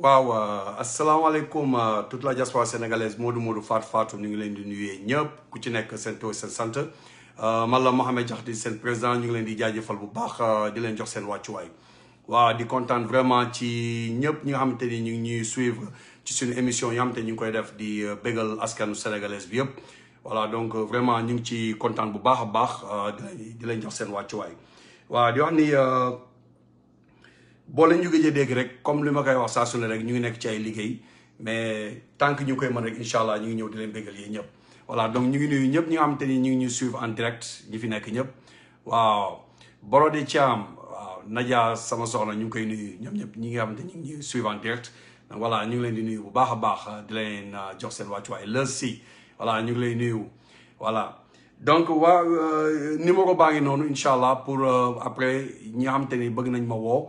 waaw euh, asalaamaaleykum euh, toute la diaspora sénégalaise Modou Modou Fatou Fatou ñu ngi leen di nuyee ñëpp ku ci nekk seen toog seen sant euh, man la jax di seen président ñu ngi leen di jaajëfal bu baax di leen jox seen wàccuwaay waaw di kontaan vraiment ci ñëpp ñi nga xamante ni ñu ngi ñuy suivre ci suñu émission yi nga xamante ñu ngi koy def di bégal askanu sénégalaise bi yëpp voilà donc vraiment ñu ngi ci kontaan bu baax a baax di leen jox seen wàccuwaay waaw boo leen ñu gëj a dégg rek comme li ma koy wax saa su ne rek ñu ngi nekk ci ay liggéey mais tant que ñu koy mën rek incha allah ñu ngi ñëw di leen bégal yéen ñëpp voilà donc ñu ngi nuyu ñëpp ñi nga xamante ni ñu ngi ñu suivre en direct ñi fi nekk ñëpp waaw Borode Thiam waaw Nadia sama soxna ñu ngi koy nuyu ñoom ñëpp ñi nga xamante ni ñu ngi ñuy suivre en direct donc voilà ñu ngi leen di nuyu bu baax a baax di leen ah, jox seen wàccuwaay lës si voilà ñu ngi lay nuyu voilà donc waa euh, numéro baa ngi noonu incha allah pour euh, après ñi nga xamante ni bëgg nañ ma woo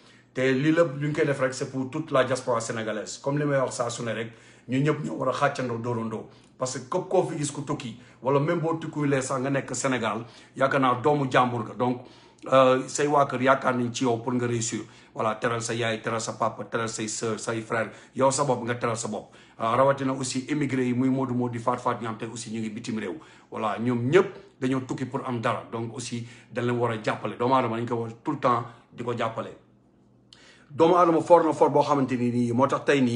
te lii lépp lu ñu koy def rek c'est pour toute la diaspora sénégalaise comme li may wax saa su rek ñu ñëpp ñoo war a xàccandoo dóorandoo parce que képp koo fi gis ku tukki wala même boo tukkiwulee sax nga nekk Sénégal yaakaar naa doomu jàmbur nga donc euh, say waa kër yaakaar nañ ci yow pour nga réussir voilà teral sa yaay teral sa papa teral sa sœur say frère yow sa bopp nga teral sa bopp euh, rawatina aussi immigré yi muy Modou Modou di faat faat ñi am te aussi ñu ngi bitim réew ñëpp dañoo tukki pour am dara donc aussi dañ leen war a jàppale doomu aadama dañ ko war tout le temps di ko jàppale doomu suis un na fort bo xamanteni ni motax tay un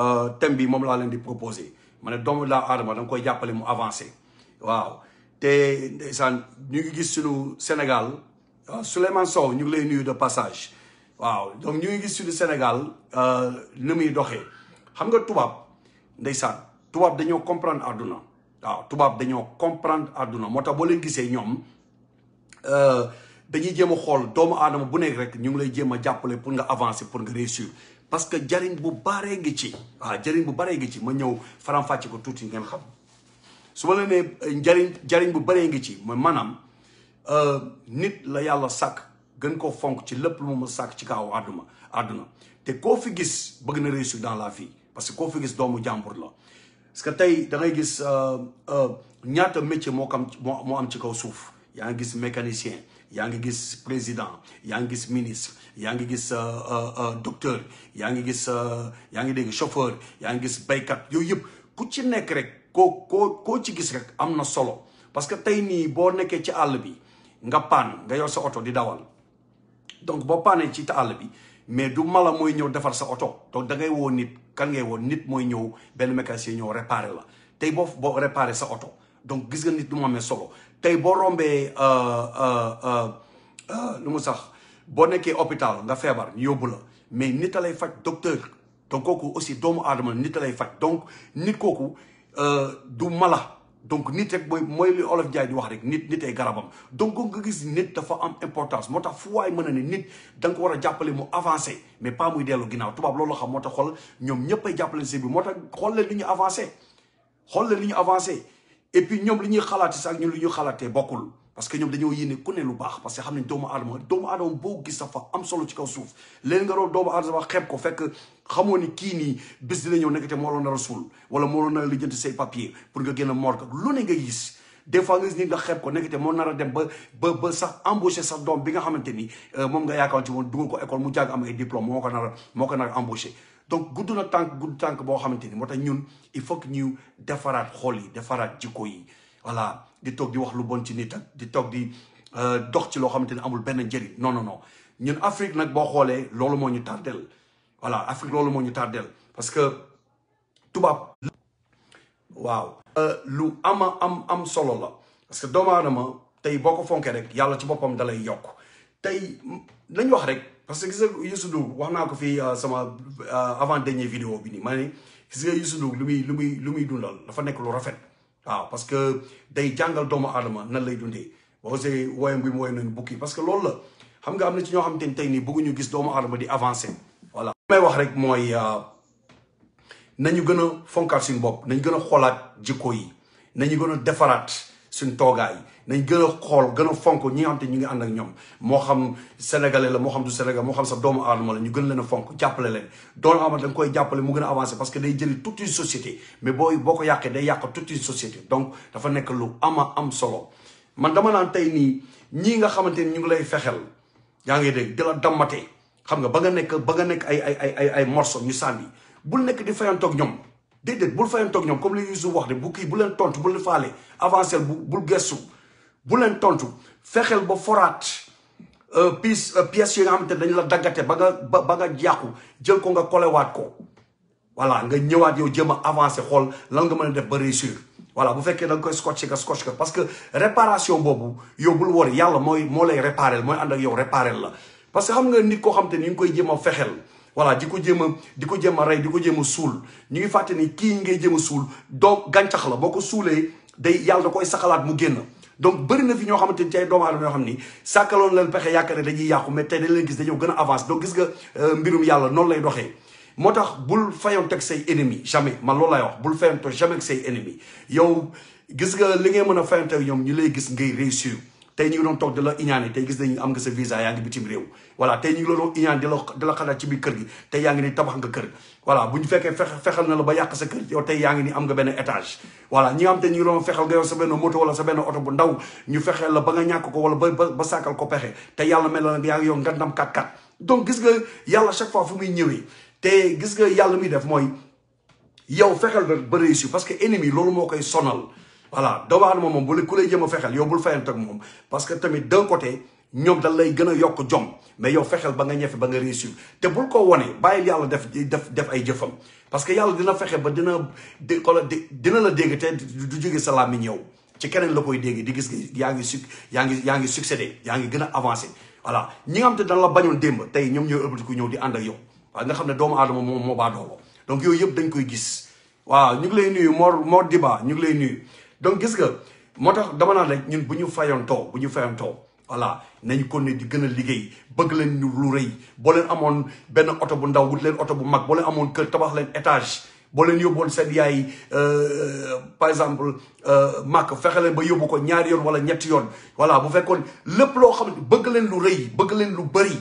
euh thème bi mom la len di proposer mané doomu koy jappalé mu avancer waaw té ñu ngi Sénégal euh, Souleymane Sow ñu ngi de passage waaw donc ñu Sénégal euh, xam nga comprendre aduna. waaw comprendre aduna. dañuy jema xol doomu aadama bu nek rek ñu ngi lay jema jappalé pour nga avancer pour nga réussir parce que jariñ bu baré ngi ci waaw jariñ bu baré ngi ci ma ñew faram-fàcce ko tuti ngeen xam su ma la né eh, jariñ bu baré ngi ci ma euh nit la yalla sak gën ko fonk ci lepp lu mu ma ci kaw àdduna aduna te ko fi gis bëgg na réussir dans la vie parce que ko fi gis doomu jambour la parce que tay da ngay gis euh, euh, ñaata métier mo kam mo am ci kaw souf ya nga gis mécanicien yaa ngi gis président yaa ngi gis ministre yaa ngi gis euh, euh, euh, docteur yaa ngi gis yaa ngi dégg chauffeur yaa ngi gis baykat yooyu yëpp ku ci nekk rek koo ko koo ci gis rek am na solo parce que tey nii boo nekkee ci àll bi nga paan nga yor sa oto di dawal donc boo paanee ci àll bi mais du mala mooy ñëw defar sa oto donc da ngay woo nit kan ngay nit mooy ñëw benn mécanicien ñëw réparé la tey boo boo réparé sa oto donc gis nga nit du mu amee solo tey boo euh uh, uh, uh, lu mu sax boo nekkee hôpital nga feebar ñu mais nit a lay faj docteur donc koku aussi doomu aadama nit a lay faj donc nit koku euh du mala donc nit rek moy mooy li olof Njaay di wax rek nit nit garabam donc nga gis nit dafa am importance motax tax fu waay nit da nga ko war a mu avancer mais pas muy dellu ginaaw tubaab lolu xam motax xol ñom ñeppay ñëpp ci bi motax xol xool li ñu avancer xol leen li ñu avancer et puis ñoom li ñuy xalaati sax ñun li ñu xalaatee bokkul parce que ñoom dañoo yéene ku ne lu baax parce que xam nañ doomu aadama doomu aadama boo gis dafa am solo ci kaw suuf léegi nga doon doomu aadama xeeb ko fekk xamoo ni kii nii bis dina ñëw nekkate moo loon nar a suul wala moo la nar a lijjanti say papier pour nga génn morgue lu ne nga gis des fois nga gis nit nga xeeb ko nekkate moo nar a dem ba ba ba sax embauché sax doom bi nga xamante ni euh, moom nga yaakaar ci woon dugal ko école mu jàng am ay diplôme moo ko nar a moo ko nar a embauché donc gudd na tànk gudd tank boo xamante ni moo tax ñun il faut que ñu defaraat xol yi defaraat jikko yi voilà di tok di wax lu bon ci nit ak di tok di euh dox ci lo xamanteni amul ben njëriñ non non non ñun Afrique nak bo xolé lolu moo ñu tardel voilà Afrique lolu moo ñu tardel parce que tuba wow euh lu ama am am solo la parce que doomu tay boko fonké rek yalla ci bopam dalay yok tay lañ wax rek parce que gis nga Youssou wax naa ko fii euh, sama euh, avant dernier vidéo bi nii ma ne gis nga Youssou lu muy lu muy lu muy dundal dafa nekk lu rafet waaw parce que day jàngal doomu aadama nan lay dundee boo see woyam bi mu woy nañu bukki parce que loolu la xam nga am na ci ñoo xam te ne tey nii ñu gis doomu aadama di avancé voilà may wax rek mooy euh, nañu gën a fonkaat suñu bopp nañu gën a xoolaat jikko yi nañu gën a defaraat suñu toogaay nañ gën xool gën a fonk ñi ñu ngi ànd ak ñoom moo xam sénégalais la moo xam du sénégal moo xam sa doomu aadama la ñu gën leen a fonk jàppale leen doomu aadama da koy jàppale mu gën a avancé parce que day jëli toute boo boo ko yàqee day yàq toute une donc dafa nekk lu ama am solo man dama naan tey nii ñii nga xamante ni ñu ngi lay fexeel yaa ngi dégg di la dammatee xam nga ba nga nekk ba nga nekk ay ay ay ay ay morceau ñu sànni bul nekk di fayantoog ñoom déedéet bul fayantoog ñoom comme li Youssouf wax de bu kii bu leen tontu bu leen faale avancé bul gestu bu leen tontu fexeel ba foraat euh, pièce euh, pièces yi nga xamante dañ la daggate ba nga ba nga jàqu jël ko nga kolewaat ko voilà nga ñëwaat yow jéem a avancé xool lan nga mën a def ba réussir voilà bu fekkee da nga koy scotché ka scotché ka parce que réparation boobu yow bul war yàlla mooy moo lay réparel mooy ànd ak yow réparel la parce que xam nga nit koo xam te ni ngi koy jéem a fexeel voilà di ko jéem a di ko jéem a rey di ko jéem a suul ñu ngi fàtte kii ngay jéem a suul donc gàncax la boo ko suulee day yàlla da koy saxalaat mu génn donc bëri na fi ñoo xamante ni ci ay doomu aadama yoo xam ni sàkkaloon leen pexe yaakaar ne dañuy yàqu mais tey dañ leen gis dañoo gën a avance donc gis nga mbirum yàlla noonu lay doxee moo tax bul fayoon teg say ennemi jamais man loolu lay wax bul fayoon teg jamais ak say ennemi yow gis nga li ngay mën a fayoon teg ñoom ñu lay gis ngay réussir tey ñu ngi doon toog di la iñaane tey gis nañu am nga sa visa yaa ngi bitim réew voilà tey ñu ngi di la di ci biir kër gi tey yaa ngi ni tabax nga kër voilà bu ñu fekkee fexe fexal na la ba yàq sa kër yow tey yaa ngi ni am nga benn étage voilà ñi nga xam te ñu ngi doon fexal nga sa benn oto bu ndaw ñu fexee la ba nga ñàkk ko wala ba ko pexe te yàlla mel na yaa ngi yow ngandam kat-kat donc gis nga yàlla chaque fois fu muy ñëwee te gis nga yàlla muy def mooy yow fexel ba réussir parce que ennemi loolu moo koy sonal voilà doomu aadama moom bu lay jëm a fexeel yow bul fayal ak mom parce que tamit d'un côté ñom dal lay gëna yok jom mais yow fexeel ba nga ñefe ba nga réussir té bul ko woné bayil yalla def def def ay jëfëm parce que yalla dina fexé ba dina di dina la dégg té du jóge salam làmmiñ yow ci kenen la koy dégg di gis nga ngi su yaa ngi yaa ngi succédé yaa ngi voilà ñi nga xam te dañ la demb tay ñom ñoy ñooy ku ñëw di ànd ak yow nga xamné doomu aadama mo ba do doolo donc yooyu yëpp dañ koy gis waaw ñu ngi lay nuyu Mor Mor Diba ñu ngi lay nuyu donc gis nga moo tax dama naan rek ñun bu ñu fayoon too bu ñu fayoon too voilà nañu kon ne di gën a liggéey bëgg leen ñu lu rëy boo leen amoon benn oto bu ndaw wut leen oto bu mag boo amoon kër tabax leen étage boo leen yóbboon seen yaay euh, euh, par exemple euh, màkk fexe leen ba yóbbu ko ñaari yoon wala ñetti yoon voilà bu fekkoon lépp loo xam bëgg leen lu rëy bëgg leen lu bëri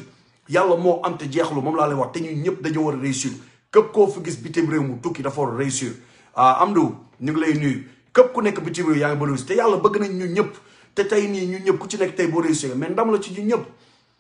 yàlla moo am te jeexlu moom laa lay wax te ñun ñëpp dañoo war a réussir képp koo fi gis bitim réew mu tukki dafa war réussir ah Amdou ñu ngi lay nuyu. képp ku nekk bitim réew yaa ngi ba réussir te yàlla bëgg nañ ñu ñëpp te tey nii ñu ñëpp ku ci nekk tey boo réussir mais ndam la ci ñu ñëpp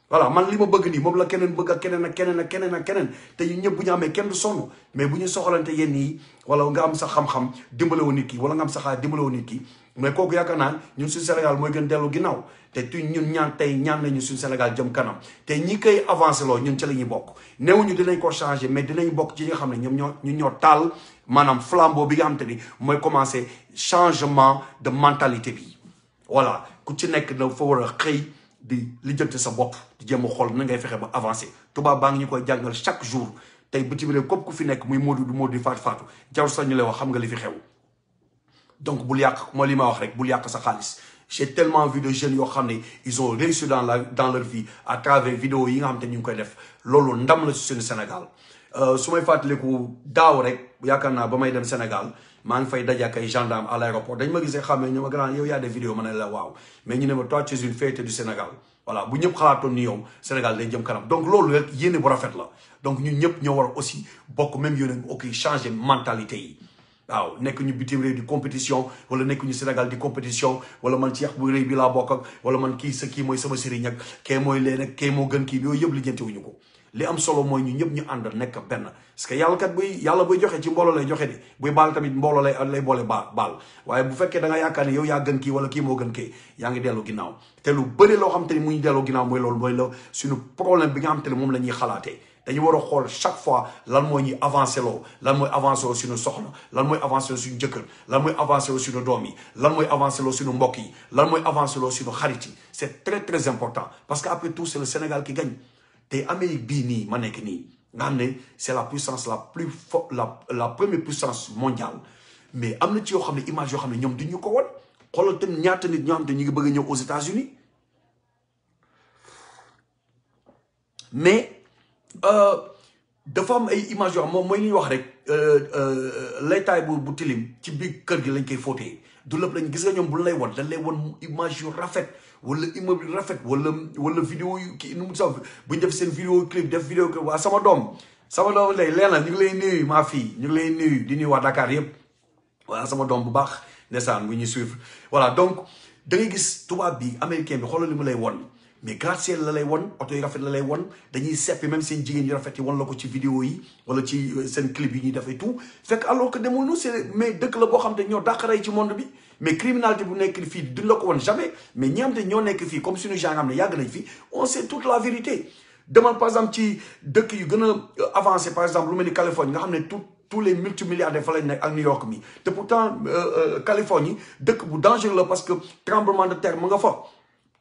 voilà man li ma bëgg nii moom la keneen bëgg ak keneen ak keneen ak keneen ak keneen te ñu ñëpp bu ñu amee kenn du sonn mais bu ñu soxlante yenn yi wala nga am sa xam-xam dimbale wu nit ki wala nga am sa xaar dimbale wu nit ki mais kooku yaakaar naa ñun suñu Sénégal mooy gën dellu ginnaaw te tu ñu ñaan tey ñaan nañu suñu Sénégal jëm kanam te ñi koy avancé loo ñun ci la ñuy bokk néewuñu dinañ ko changé mais dinañ bokk ci nga xam ne ñoom ñoo ñu ñoo taal manam flambeau bi nga xam tane moy commencé changement de mentalité bi voilà ku ci nek na fa wara xey di li lijjanti sa bop. di jëm xol na ngay fexé ba avancé tubaab ba ngi ñu koy jangal chaque jour tey bitim réew képp ku fi nek muy Modou du Modou fat Fatou. jaw sa ñu lay wax xam nga li fi xew donc bul yak mo li ma wax rek bul yak sa xaliss j'ai tellement vu de jeunes yo xamné ils ont réussi dans la dans leur vie à travers vidéo yi nga xam tane ñu koy def lolu ndam la ci sénégal euh sumay may ko daaw rek yakarna dem Sénégal fay ont gendarme à l'aéroport dañ ma xamé ñu grand yow ya des vidéos Ils ne la mais ne une fête du Sénégal voilà bu yow Sénégal day jëm kanam donc loolu rek bu rafet la donc ñun ñoo aussi bokk même ils ok changer mentalité yi waaw nek ñu bitim réew di compétition wala nek ñu Sénégal di compétition wala man ci bu réew bi la bokk wala man ki ce nous moy sama ak moy ak gën ki yoy li am solo ñu benn parce que yàlla kat buy yàlla buy joxe ci mbolo lay joxe di buy baal tamit mbolo lay lay bolé baal baal waaye bu fekkee da nga yakane yow ya gën ki wala ki mo gën ke ya nga dellu ginnaw té lu bëri lo xam te ni muy dellu ginnaaw mooy loolu mooy la suñu problème bi nga xam te mom moom la ñuy xalaatee dañu wara xol chaque fois lan moy ñi avancer lo lan moy avancer loo suñu soxna lan moy avancer loo suñu jëkkër lan moy avancer loo suñu doom yi lan mooy avancé loo suñu mbokk yi lan mooy avancé loo suñu xarit yi c'est très très important parce que après tout c'est le Sénégal qui gagne té Amérique bi ni ma nek ni naan c'est la puissance la plus forte, la la première puissance mondiale mais amna ci yo xamné ne image yo xamné ñom ñoom ko won xoolal tamit ñaata nit ñoo de ne bëgg ñëw aux États-Unis mais. Euh, dafa am ay image yoo moom mooy li ñuy wax rek euh, euh, laytaay bu bu tilim ci biir kër gi lañ koy fóotee du lépp lañ gis nga ñoom bu lay wan dañ lay wan image yu rafet wala immeuble yu rafet wala wala vidéo yu kii nu mu sax bu ñu def seen vidéo clip def vidéo clip waa sama doom sama doom lay leena ñu ngi lay nuyu maa fii ñu ngi lay nuyu di nuyu wax dakaar yëpp waa sama doom bu baax ndeysaan bu ñuy suivre voilà donc da gis tubaab bi américain bi xoolal li mu lay won mais grâce à la lay a fait fait, fait la même si une fait vidéo yi wala euh, clip alors que nous c'est mais la le xam ñoo monde mais criminalité bu de la jamais mais ñi de ñoo comme si nous am fait, on sait toute la vérité demande par exemple ci euh, par exemple lu Californie nga tous les multimilliardaires fa lañ New York mi te pourtant euh, Californie que bu dangereux parce que tremblement de terre mon nga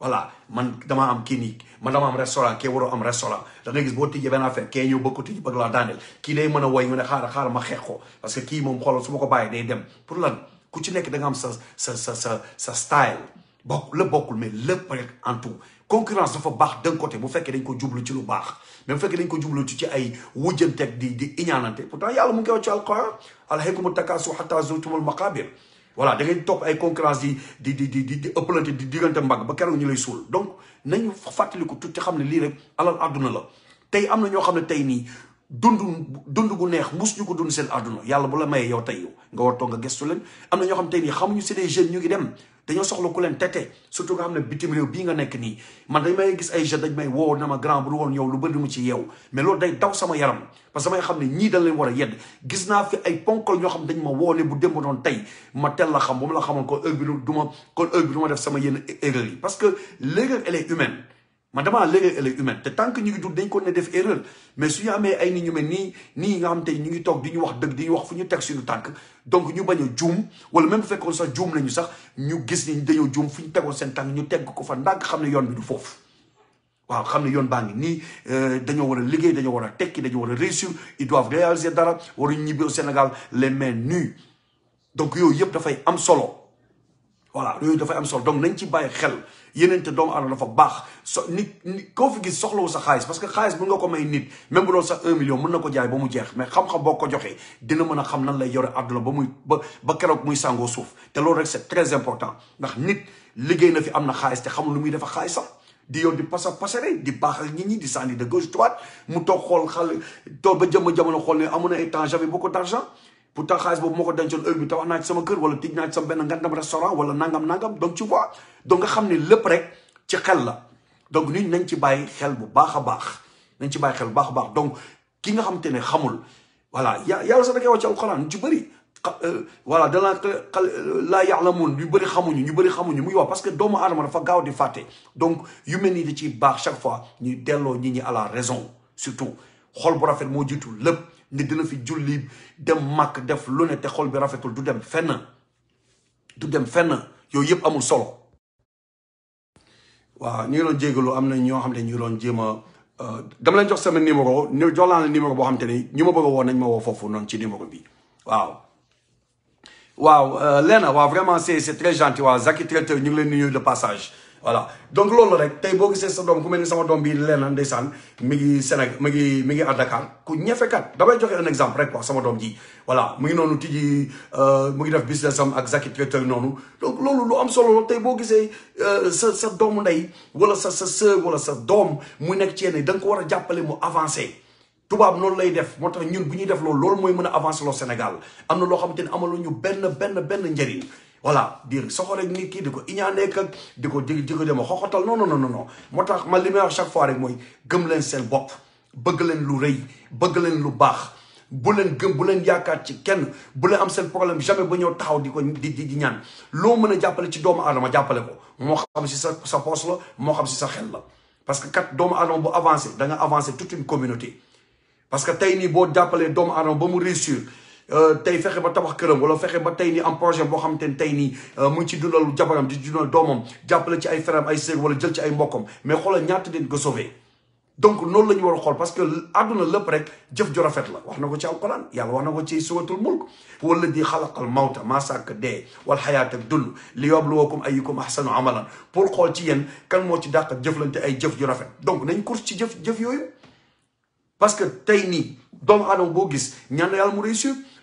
voilà man dama am clinique man dama am restaurant ke waroo am restaurant da ngay gis bo tijjee ben affaire ke ñeu bëkkuti ko bëgg la daaneel ki lay mëna way woy mu ne xaaral xaaral ma xex ko parce que ki mom xol su mako baye day dem pour lan ku ci nekk da nga am sa sa sa sa sa style bok le bokul mais le rek en tout concurrence dafa bax d'un côté bu fekke dañ ko djublu ci lu bax mais bu fekkee dañ ko djublu ci ay wujjanteeg di di iñaanante pourtant yàlla mu ngi koy wax ci alquran alhaykumu takaasu hatta zurtumul maqabir voilà da ngay top ay concurrence di di di di di ëppalante di diggante mbag ba keroog ñu lay sul donc nañu fàttaliku tuuti te xam ne lii rek alal aduna la tay amna ño ñoo tay ni tey nii dund dund bu neex mus ñu ko dund seen aduna yalla bu la mayee yow tay yow nga war to nga gestu leen am na ñoo xam tey nii xamuñu c'est des jeunes ñu ngi dem dañoo soxla ku leen tete surtout nga xam ne bitim réew bii nga nekk nii man dañ ma gis ay jeunes dañ may woo na ma grand bu woon yow lu bëri mu ci yow mais loolu day daw sama yaram parce que damay xam ne ñii dañ leen war a yedd gis naa fi ay ponkal ñoo xam dañ ma woo ne bu démb doon tey ma teel la xam bu ma la def sama yenn erreur yi parce que l'erreur elle est humaine Madame damaa est humaine tant que ñu ngi dund dañ ko def erreur mais su ñu ay nit ñu mel ni nga am té ñu ngi tok di ñu wax dëgg di ñu wax fu ñu qui suñu tank donc ñu baña même bu sax juum nañu sax ñu gis ni dañu joom fu ñu tegoon seen ñu tégg ko fa yoon bi du fofu waaw xam yoon baa ngi nii euh, dañoo war a liggéey dañoo war a tekki réussir ils doivent réaliser dara au Sénégal les mains nues donc am solo voilà yooyu dafay am solo donc nañ ci bàyyi xel. yénente doomu aadama dafa baax so nit koo fi gis soxlawu sa xaalis parce que xaalis mën nga ko may nit même bu doon sax un million mën na ko jaay ba mu jeex mais xam-xam boo ko joxee dina mën a xam nan lay yore àdduna ba muy ba ba keroog muy sàngoo suuf te loolu rek c'est très important ndax nit liggéey na fi am na xaalis te xamul lu muy defa xaalis sax di yow di pasa pasare di baax ak nit ñi di sànni de gauche droite mu toog xool xal toog ba jëm jamono xool ne amoon na ay temps j'avais beaucoup d'argent pour xaalis boobu moo ko dencoon heure bi tabax naa ci sama kër wala tij naa ci sama benn ngandam restaurant wala nangam nangam donc tu vois donc nga xam ne lépp rek ci xel la donc nit nañ ci bàyyi xel bu baax a baax nañ ci bàyyi bu baax a baax donc ki nga xam ne xamul voilà ya yàlla sax da koy wax ci alxuraan ci bëri euh, voilà danaa laa ya'lamuun ñu bëri xamuñu ñu bëri xamuñu muy wax parce que doomu aadama dafa gaaw di fàtte donc yu mel nii da ciy baax chaque fois ñu delloo nit ñi à la raison surtout xol bu rafet moo jiitu lépp ni dina fi julli dem dem solo Lena euh, euh, vraiment c'est c'est très gentil Zach Zaki traiteur ñu de passage voilà donc loolu rek tey boo gisee sa doom ku mel ni sama doom bii leneen ndeysaan mi ngi Sénégal mi ngi mi ngi à Dakar ku ñefekat damay joxe exemple rek quoi sama doom ji voilà mu ngi noonu tijji euh, mu ngi def business am ak Zaki Twitter noonu donc loolu lu am solo tey boo gisee euh, sa sa doomu ndey wala sa sa sœur wala sa doom mu nekk ci yenn danga ko war a jàppale mu avancé tubaab loolu lay def moo tax ñun bu ñuy def loolu loolu mooy mën a avancer loo Sénégal am na loo xamante ni amalu ñu benn benn benn njëriñ voilà soxol ont nit ki diko ak xoxotal non non non non non ma qui wax chaque fois rek moy gëm leen seen bop bëgg leen lu reuy bëgg leen lu gens bu leen gëm bu leen ci kenn bu am problème jamais ba ñëw taxaw diko di di ñaan lo les ci doomu ko mo xam ci sa sa la mo xam qui sa xel parce que kat doomu aadama bu avancer da nga toute une communauté parce que gens qui ont doomu ba mu réussir tay fexe ba tabax kërëm wala fexe ba tay ni am projet bo xamanteni tay ni mu ci dundal jabaram di dundal domam jàppale ci ay frèram ay sœur wala jël ci ay mbokam mais xoolal ñatt nit nga sauver donc non lañu wara xol parce que aduna lépp rek jëf ju rafet la wax nako ci alcorane yàlla wax nako ci suratul mulk wala di khalaqal mawta ma sak de wal hayat ak dund li yobluwakum ayyukum ahsanu amalan pour xol ci yéen kan mo ci dakk jëflante ay jëf ju rafet donc nañ course ci jëf jëf yoyu parce que tay ni doomu adam bo gis ñaan yàlla mu réussir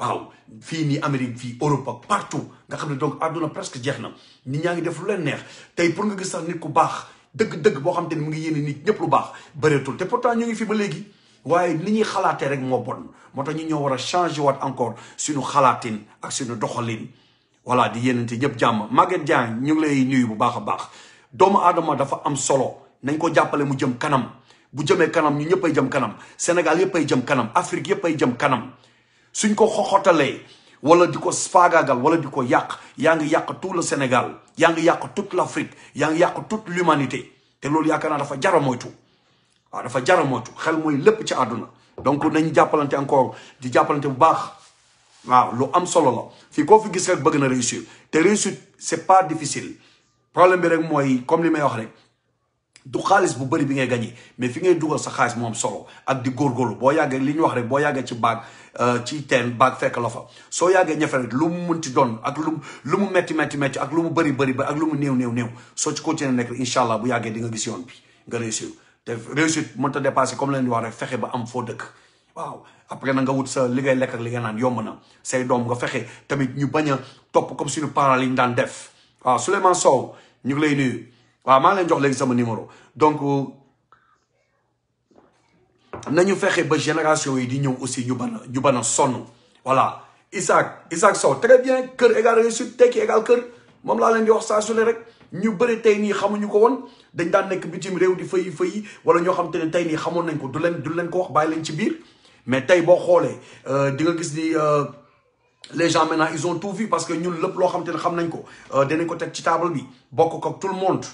waaw fii nii Amérique fii Europe ak partout nga xam ne donc àdduna presque jeex na nit ñaa ngi def lu leen neex tey pour nga gis sax nit ku baax dëgg-dëgg boo xam te ni mu ngi yéene nit ñëpp lu baax bëreetul te pourtant ñu ngi ba léegi waaye li ñuy xalaatee rek moo moo tax ñu ñoo war a changer waat encore suñu xalaatin ak suñu doxalin voilà di yéenante ñëpp jàmm Maguette Diagne ñu ngi lay nuyu bu baax a baax doomu aadama dafa am solo nañ koo jàppale mu jëm kanam bu jëmee kanam ñu ñëpp ay jëm kanam Sénégal yëpp ay jëm kanam Afrique yëpp ay jëm kanam suñ ko xoxotalee wala diko ko wala di ko yàq yaa ngi tout le Sénégal yaa yak yàq toute l' Afrique yaa ngi toute l'humanité té lolou yaakaar naa dafa jar a moytu wa dafa jar a moytu xel moy lepp ci aduna donc nañ jappalanté encore di jappalanté bu baax wa lu am solo la fi ko fi gis rek bëgn na réussir té réussir c'est pas difficile problème bi rek moy comme limay wax rek du xaalis bu bari bi ngay gagné mais fi ngay sa mo am solo ak di gorgolu bo yàggee liñ wax rek bo ci baax Euh, ci teen baag fekk la fa soo yàggee ñafe lu mu mun munti doon ak lu mu lu mu metti métti métti ak lu mu bëri bëri ak lu mu néew néew néew soo ci continuer nekk incha allah bu yàggee di nga gis yoon bi nga réussir te réussite mën ta dépasser comme leen di wax rek fexe ba am foo dëkk waaw après na nga wut sa li lekk ak li nga naan yomb na say doom nga fexe tamit ñu bañ a topp comme suñu parents li ñu daan def waaw Souleymane Sow ñu ngi lay nuyu waaw maa ngi leen jox léegi sama numéro donc nañu fexé ba génération yi di ñëw aussi ñu ban ban sonu voilà Isaac Isaac très bien Cœur égal réussite égal leen di wax sa Nous, rek ñu bëri tay ni xamuñu ko dañ di feuy feuy wala ñoo xam tane ne ko du leen du leen ko wax ci mais euh, ni euh, les gens maintenant ils ont tout vu parce que ñun lepp lo xam tane xam nañ ko euh, ko table tout le monde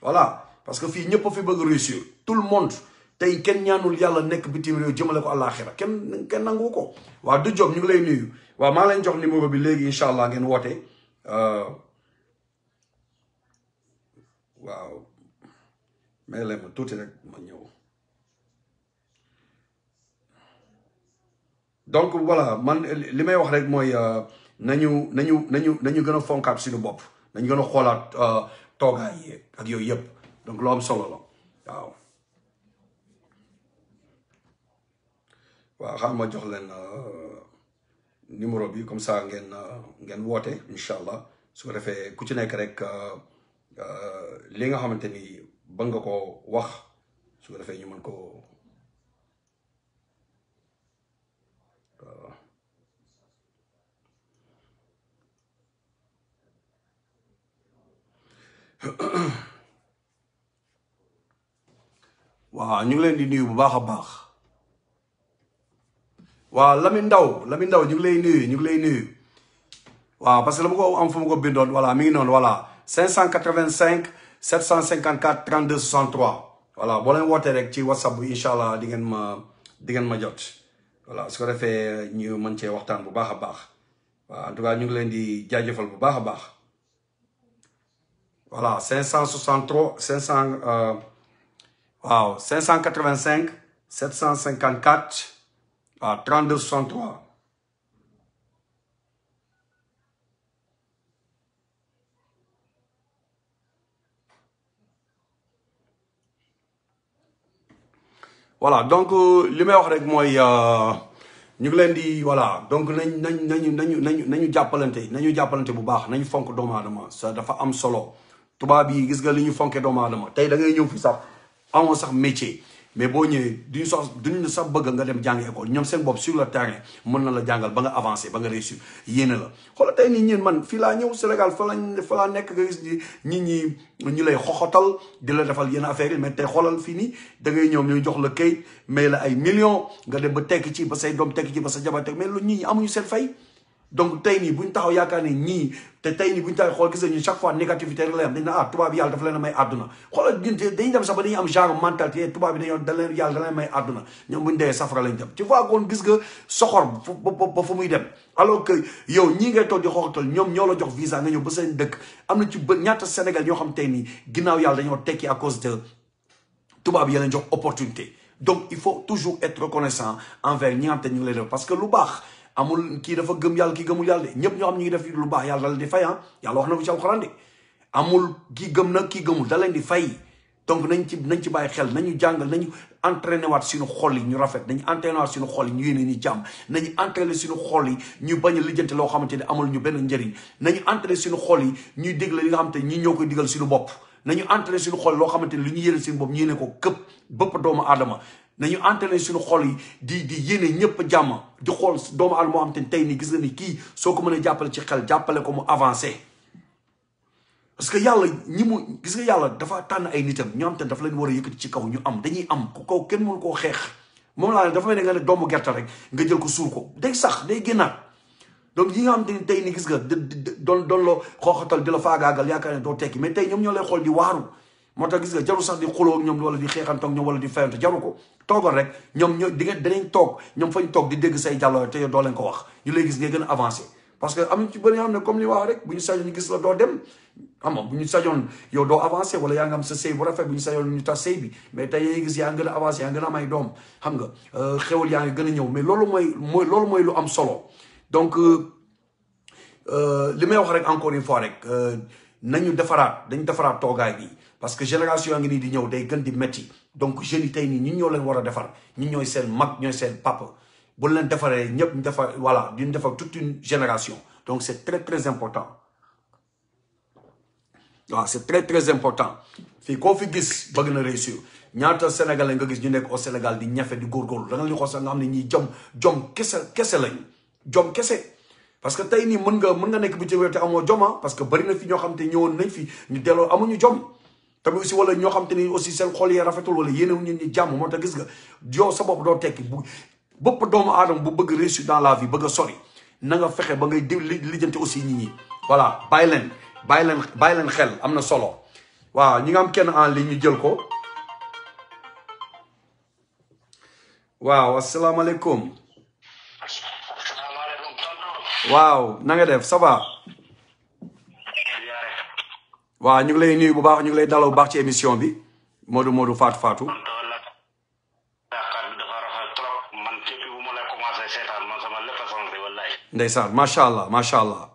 voilà parce que fi bëgg réussir tout le monde tey kenn ñaanul yàlla nekk bitim réew jëmale ko àllaaxira kenn kenn nangu ko waaw du job ñu ngi lay nuyu waaw maa leen jox numéro bi léegi incha allah ngeen woote waaw mais leen ma tuuti rek ma ñëw donc voilà man li may wax rek mooy euh, nañu nañu nañu nañu gën a fonkaat suñu bopp nañu gën a xoolaat euh, toogaay yi ak yooyu yëpp donc lu am solo la waaw waaw xaal ma jox leen euh, numéro bi comme sa ngeen euh, ngeen woote incha allah su ko defee ku ci nekk rek euh, li nga xamante ni ba nga ko wax su ko defee ñu mën ko waaw ñu ngi leen di nuyu bu baax a baax Voilà Ndaw nous Ndaw ñu parce que la ko am fu voilà mi voilà 585 754 32 63 voilà boo leen wootee rek ci whatsapp ma di ma jot voilà su ko defee ñu mën cee waxtaan bu di bu voilà 563 500 585 754 à 32 voilà donc euh, le meilleur wax rek euh, ñu ngi nous, di voilà donc avons nañu nañu nañu nañu nañu jàppalante bu baax nañu fonk nous dafa am solo nous avons gis li ñu métier mais bo ñëwee duñu sax duñu sax bëgg nga dem jàng école ñom seen bop sur le terrain mën na la jàngal ba nga avancer ba nga réussir yéene la xol tay ni ñeen man fi la ñëw Sénégal fa lañ fa la nekk nga gis ni ñi ñi ñu lay xoxotal di la defal yenn affaire yi mais tay xolal fi ni da ngay ñëw ñuy jox la kayit mais la ay millions nga dem ba tekki ci ba say dom tekki ci ba sa jabar tekk mais lu ñi amuñu seen fay donc tey nii bu ñu taxaw yaakaar ne ñii te tey nii bu taxaw xool gis nañu chaque fois négativité rek la am dañ ah tubaab bi yàlla dafa leen may aduna xol xoolal ñun dañ dem sax ba dañ am genre mentalité tuba bi dañoo da leen yàlla da leen may aduna ñom buñ ñu dee safara lañ dem ci fois kon gis nga soxor ba fu muy dem alors que yow ñi ngay toog di xooxatal ñom ñolo jox visa nga ñëw ba seen dëkk amna ci ñaata Sénégal ñoo xam tey nii ginnaaw yàlla dañoo tekki à cause de tubaab yi leen jox opportunité donc il faut toujours être reconnaissant envers ñi nga xam ñu ngi parce que lu baax amul kii dafa gëm yàlla kii gëmul yàlla de ñëpp ñoo xam ñu def lu baax yàlla dal di fay ah yàlla wax na ko ci alxuraan de amul kii gëm nag kii gëmul da di fay donc nañ ci nañ ci bàyyi xel nañu jàngal nañu entraîné waat suñu xol yi ñu rafet nañu entraîné waat suñu yi ñu yéene ñu jàmm nañu entraîné suñu xol yi ñu bañ a loo xamante ne amul ñu benn njëriñ nañu entre suñu xol yi ñuy dégle li nga xam ne ñi ñoo koy digal suñu bopp nañu entraîné suñu xol loo xamante ne lu ñu yéene suñu bopp ñu yéene ko këpp bëpp doomu aadama nañu entraîné suñu xol yi di di yéene ñëpp jàmm di xool doomu aadama moo am te tey nii gis nga ni kii soo ko mënee jàppale ci xel jàppale ko mu avancé. parce que yàlla ñi mu gis nga yàlla dafa tànn ay nitam ñoo am te dafa war a yëkkati ci kaw ñu am dañuy am ku kaw kenn mënu koo xeex moom laa ne dafa doomu gerte rek nga jël ko suur ko day sax day génnaat donc ñi nga xam te ni tey nii gis nga doon doon la xooxatal di la faagaagal yaakaar ne doo tekki mais tey ñoom ñoo lay xool di waaru. motax gis nga jaru sax di xolo ak ñom wala di xexant ak ñom wala di fayante jaru ko togal rek ñom di nga dañ tok ñom fañ tok di dégg say jallo te do len ko wax ñu lay gis ngay gëna avancer parce que am ci bari xamne comme li wax rek buñu sañu gis la do dem am buñu sañon yow do avancer wala ya nga am sa sey bu rafet buñu sañon ñu ta sey bi mais tay ngay gis ya nga la avancer ya nga la may dom xam nga euh, xewul ya nga gëna ñew mais lolu moy moy lolu moy lu am solo donc euh, euh may wax rek encore une fois rek euh, nañu defarat dañ defarat togay bi parce que génération yaa ngi di ñew day gën di métti donc jeunes tay ni ñi ñoo leen wara défar ñi ñoy sel seen mag ñooy seen papa bu leen défaré ñëpp ñu defar voilà ñu défa toute une génération donc c'est très très important waaw c'est très très important fi ko fi gis bëgn na réussir ñaata sénégalais nga gis ñu nek au Sénégal di ñafé di gor góorgóorlu da nga leen xool nga xam ne ñii jom jom kese kese lañ jom kessé parce que tay ni mën nga mën nga nek bu ci wér amo joma ah, parce que bari na fi ño xam te ñëwoon nañ fi ñu delloo amuñu jom. tamit aussi wala ñoo xam te ni aussi seen xol yi rafetul wala yéenewul nit ñi jàmm moo tax gis nga yow sa bopp doo tekk bu bopp doomu aadama bu bëgg réussir dans la vie bëgg a sori na nga fexe ba ngay di li aussi nit ñi voilà bàyyi leen bàyyi leen bàyyi leen xel am na solo waaw ñi nga am kenn en ligne ñu jël ko waaw asalaamaaleykum waaw na def ça waaw ñu lay nuyu bu baax ñu lay dalal baax ci émission bi Modou Modou Fatou Fatou. ndeysaan macha allah macha allah.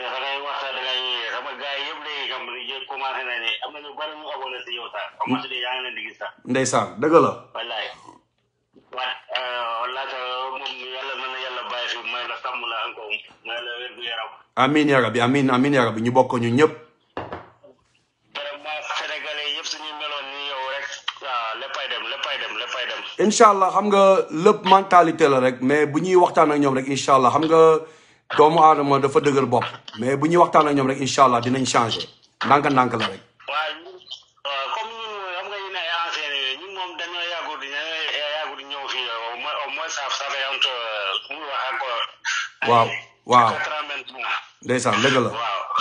da ngay wax da ngay sama gars yëpp léegi xam ndeysaan dëgg la. amin yaa rabi amin amin yaa ñu bokk ñu ñëpp. vraiment sénégalais yëpp suñu meloon ni yow dem léppay dem léppay dem. incha allah xam nga lépp mentalité la rek mais bu ñuy waxtaan ak ñoom rek incha xam nga doomu aadama dafa dëgër bopp mais bu ñuy waxtaan ak ñoom rek incha allah dinañ changé ndànk-ndànk la rek. waaw waaw ndeysaan dëgg la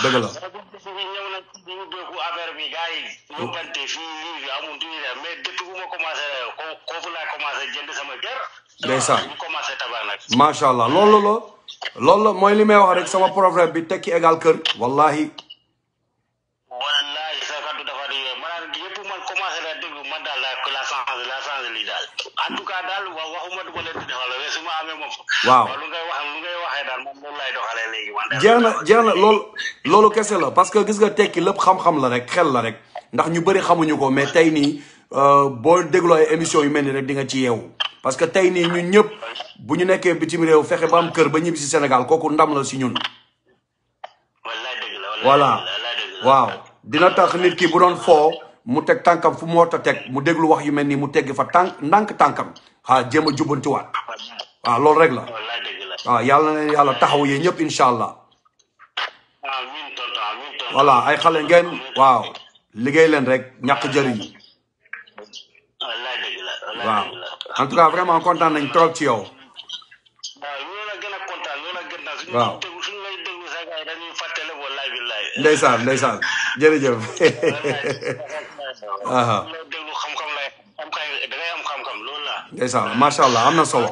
dëgg la. ñëw na ci biir béeku affaire bi gars yi. ñu bante fii lii bi amul du ñu def ma commencé koo kooku laa commencé jënd sama gerte. ndeysaan ñu commencé tabax nag. macha allah loolu la mooy li may wax rek sama problème bi tekki égal kër. wallahi wallahi sa kaddu dafa di maanaam man daal la la la change daal en daal waxuma du ma leen di defal waaye su ma amee moom. waaw lu ngay wax lu ngay waxee daal moom loolu lay jeex na jeex na loolu loolu kese la parce que gis nga tekki lépp xam-xam la rek xel la rek ndax ñu bëri xamuñu ko mais tey nii euh, boo dégloo ay émission yu mel ni rek di nga ci yeewu parce que tey nii ñu ñëpp bu ñu nekkee bitim réew fexe ba am kër ba ñibbi si Sénégal kooku ndam la si ñun voilà waaw dina tax nit ki bu doon foo mu teg tànkam fu mu war a teg mu déglu wax yu mel nii mu tegg fa tànk ndànk tànkam xaa jéem a jubbantiwaat waaw loolu rek la waaw ah, yàlla na yàlla taxaw yéen ñëpp incha allah voilà ay xale ngeen waaw liggéey leen rek ñaq jëriñ waaw en tout cas vraiment kontaan nañ trop ci yow waaw ndeysaan ndeysaan jërëjëf aa ndeysaan macha allah am na solo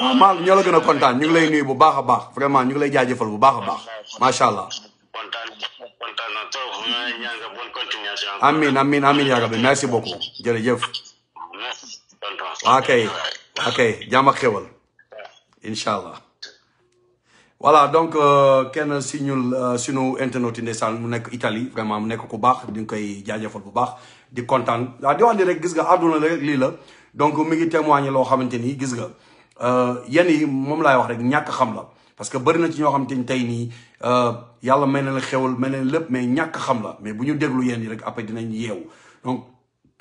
waaw maal ñoo la gën a ñu lay nuyu bu baax baax vraiment ñu lay bu baax a baax allah. amin amin amin ya rabbi merci beaucoup jërëjëf. ok ok jàmm ak xéwal incha allah. voilà donc euh, kenn si ñun euh, sunu internet yi ndeysaan mu nekk Italie vraiment mu nekk ku baax di bu baax di kontaan waaw ah, di wax ni rek gis nga àdduna rek lii la donc mi ngi témoigner gis nga. Euh, yenn yi moom laay wax rek ñàkk xam la parce que bëri na ci ñoo xam te ni tey nii euh, yàlla may na leen xewal may na lépp mais ñàkk xam la mais bu ñu déglu yenn yi rek après dinañ yeewu donc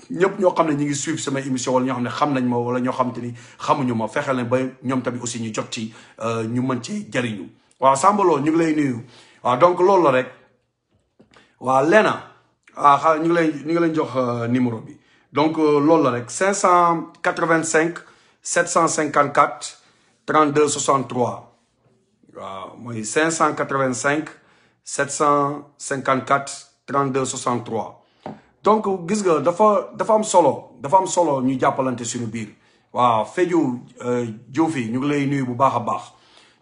ñëpp ñoo xam ne ñu ngi suivre sama émission wala ñoo xam ne xam nañ ma wala ñoo ni xamuñu ma fexe ba ñoom tamit aussi ñu jot ci euh, ñu mën ci jariñu waaw Samba Lo ñu ngi lay nuyu waaw donc loolu la rek waa Lena ah xaaral ñu ngi lay ñu ngi leen jox numéro bi donc loolu la rek 585. 754 32 63 waaw mooy 585 754 32 63 donc gis nga dafa dafa am solo dafa am solo ñu jàppalante suñu biir waaw Fédiou euh, Diouf ñu ngi lay nuyu bu baax a baax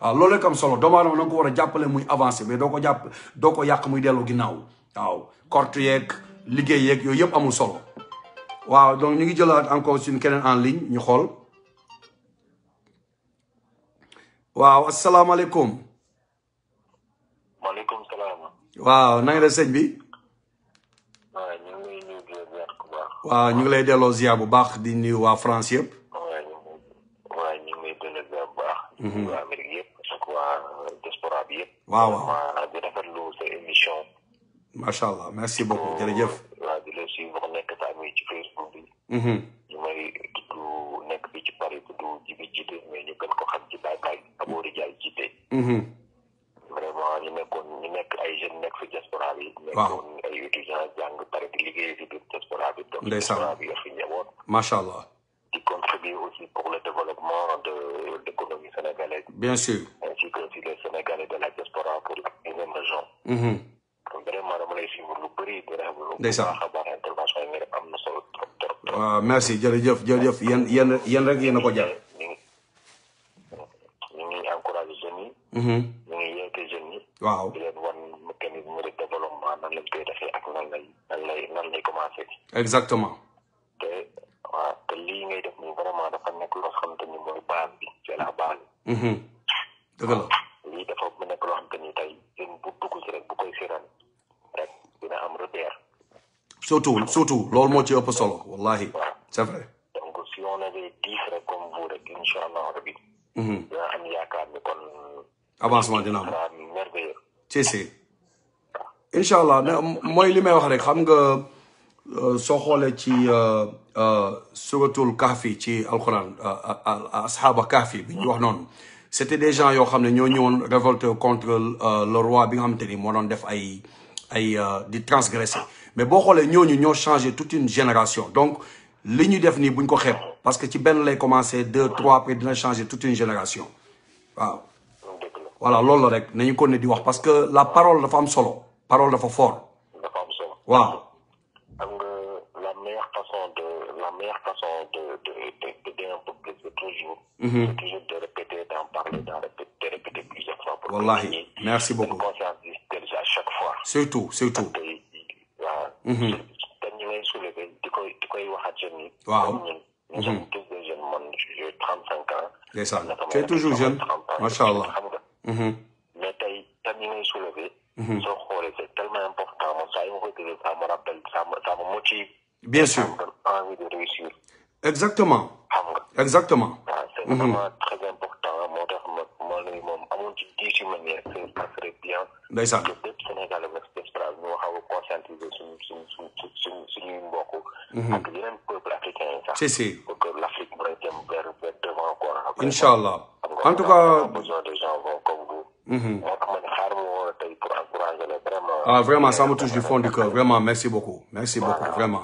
waaw loolu am solo doomu aadama na ko war a jàppale muy avancé mais doo ko jàpp doo ko yàq muy dellu ginnaaw waaw korte yeeg liggéey yeeg yooyu yëpp amul solo waaw donc ñu ngi jëlaat encore suñu keneen en ligne ñu xool waaw asalaamaaleykum. maaleykum salaam. waaw na nga def waaw ñu ngi lay delloo ziar bu bax di nuyu waa France yëpp. waaw ñu ngi waaw waaw di rafetlu merci beaucoup jërëjëf. waaw di la suivre nekk saa muy ci Mhm. vraiment ñu nekkoon ñu nekk ay jeunes nekk si diaspora bi. waaw nekkoon allah. de l' économie sénégalaise. bien sûr. ainsi que de la diaspora pour la même région. Mhm. vraiment dama lay a merci jërëjëf jërëjëf yéen yéen rek yéen a ko jar. exactement. te waaw te lii ngay def nii vraiment dafa nekk loo xamante ni mooy base bi c'est la base. Mm-hmm. dëgg la. lii dafa nekk loo xam ni tey yéen bu dugg ci rek bu koy seetaan rek dina am repère. surtout surtout loolu moo ci ëpp solo wallahi c'est vrai. donc si on avait dix rek comme vous rek incha allah rabi. Mm-hmm. dina am yaakaar allah mooy li may wax rek xam nga. Euh, soo xoolee ci euh, euh, suratul café, ci alquran asxaaba kafi bi ñu wax non c'était des gens yo xamné ñoo ñewon révolte contre le roi bi nga xamante ni moo doon def ay ay di transgresser mais boo xoolee ñooñu ñoo changé toute une génération donc li ñu def ni buñ ko xép parce que ci ben lay commencé deux trois après dina changé toute une génération waaw voilà loolu la rek nañu ko ne di wax parce que la parole dafa am solo parole dafa fort waaw de, de, de, de un peu plus de toujours. Mm -hmm. Toujours de répéter, d'en parler, d'en répéter, de répéter plusieurs fois. Pour Wallahi, merci beaucoup. conscience à chaque fois. Surtout, surtout. Mhm. dañu soulever di koy di koy wax ak jeunes yi. waaw ñun nous mhm. sommes tous des jeunes man j'ai trente cinq ans. ndeysaan tu es toujours jeune macha allah. xam mhm. mais tey thème yi ngay soulever. soo xoolee c'est tellement important man saa yu ma koy déglu ça me rappelle ça me ça me motive. bien sûr exactement. Ah, exactement. waaw ah, c'est mhm. vraiment très important moo tax ma ma lay moom amoon ci dix dit que ça serait bien. ndeysaan que le Sénégal le diaspora ñu wax a conscientiser sur nous suñu suñu suñuy mbokk. Mhm. ak yeneen peuple africain ça. si si pour que l'Afrique mën a vers vers devant encore. Inch'Allah. en tout cas. besoin de gens comme vous. Mhm. moo tax ma pour vraiment. ah vraiment ça me touche du fond du cœur vraiment merci beaucoup. merci beaucoup vraiment.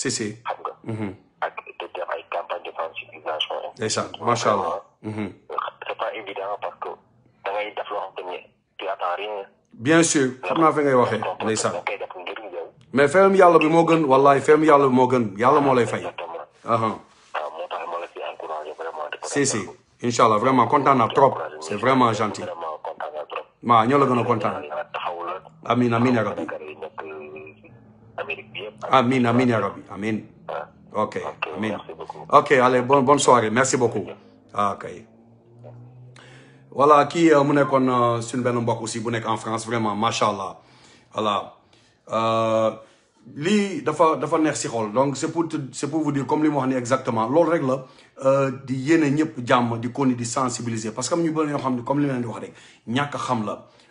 si si. xam nga. ak def ay campagne de sensibilisation. ndeysaan macha allah. c'est pas évident parce que da ngay def loo xam ne tu attends rien. bien sûr xam naa fi ngay waxee ndeysaan. mais fayam yàlla bi moo gën wallahi fayam yàlla bi moo gën yàlla moo lay fay. waaw ah, moo tax ma la fi encouragé vraiment. si si incha allah vraiment kontaan naa trop c'est vraiment gentil. waaw ñoo la gën a kontaan. amiin amiin ya rabbi. amiin amin ya rabbi. Amen. Ah. Ok, okay Ok, allez, bonne soirée. Merci beaucoup. Ok. Ah, voilà qui est euh, euh, aussi en France vraiment mashallah voilà euh, donc c'est pour vous dire comme exactement ce rek la di nyep C'est de koni sensibiliser parce que comme li nous di wax rek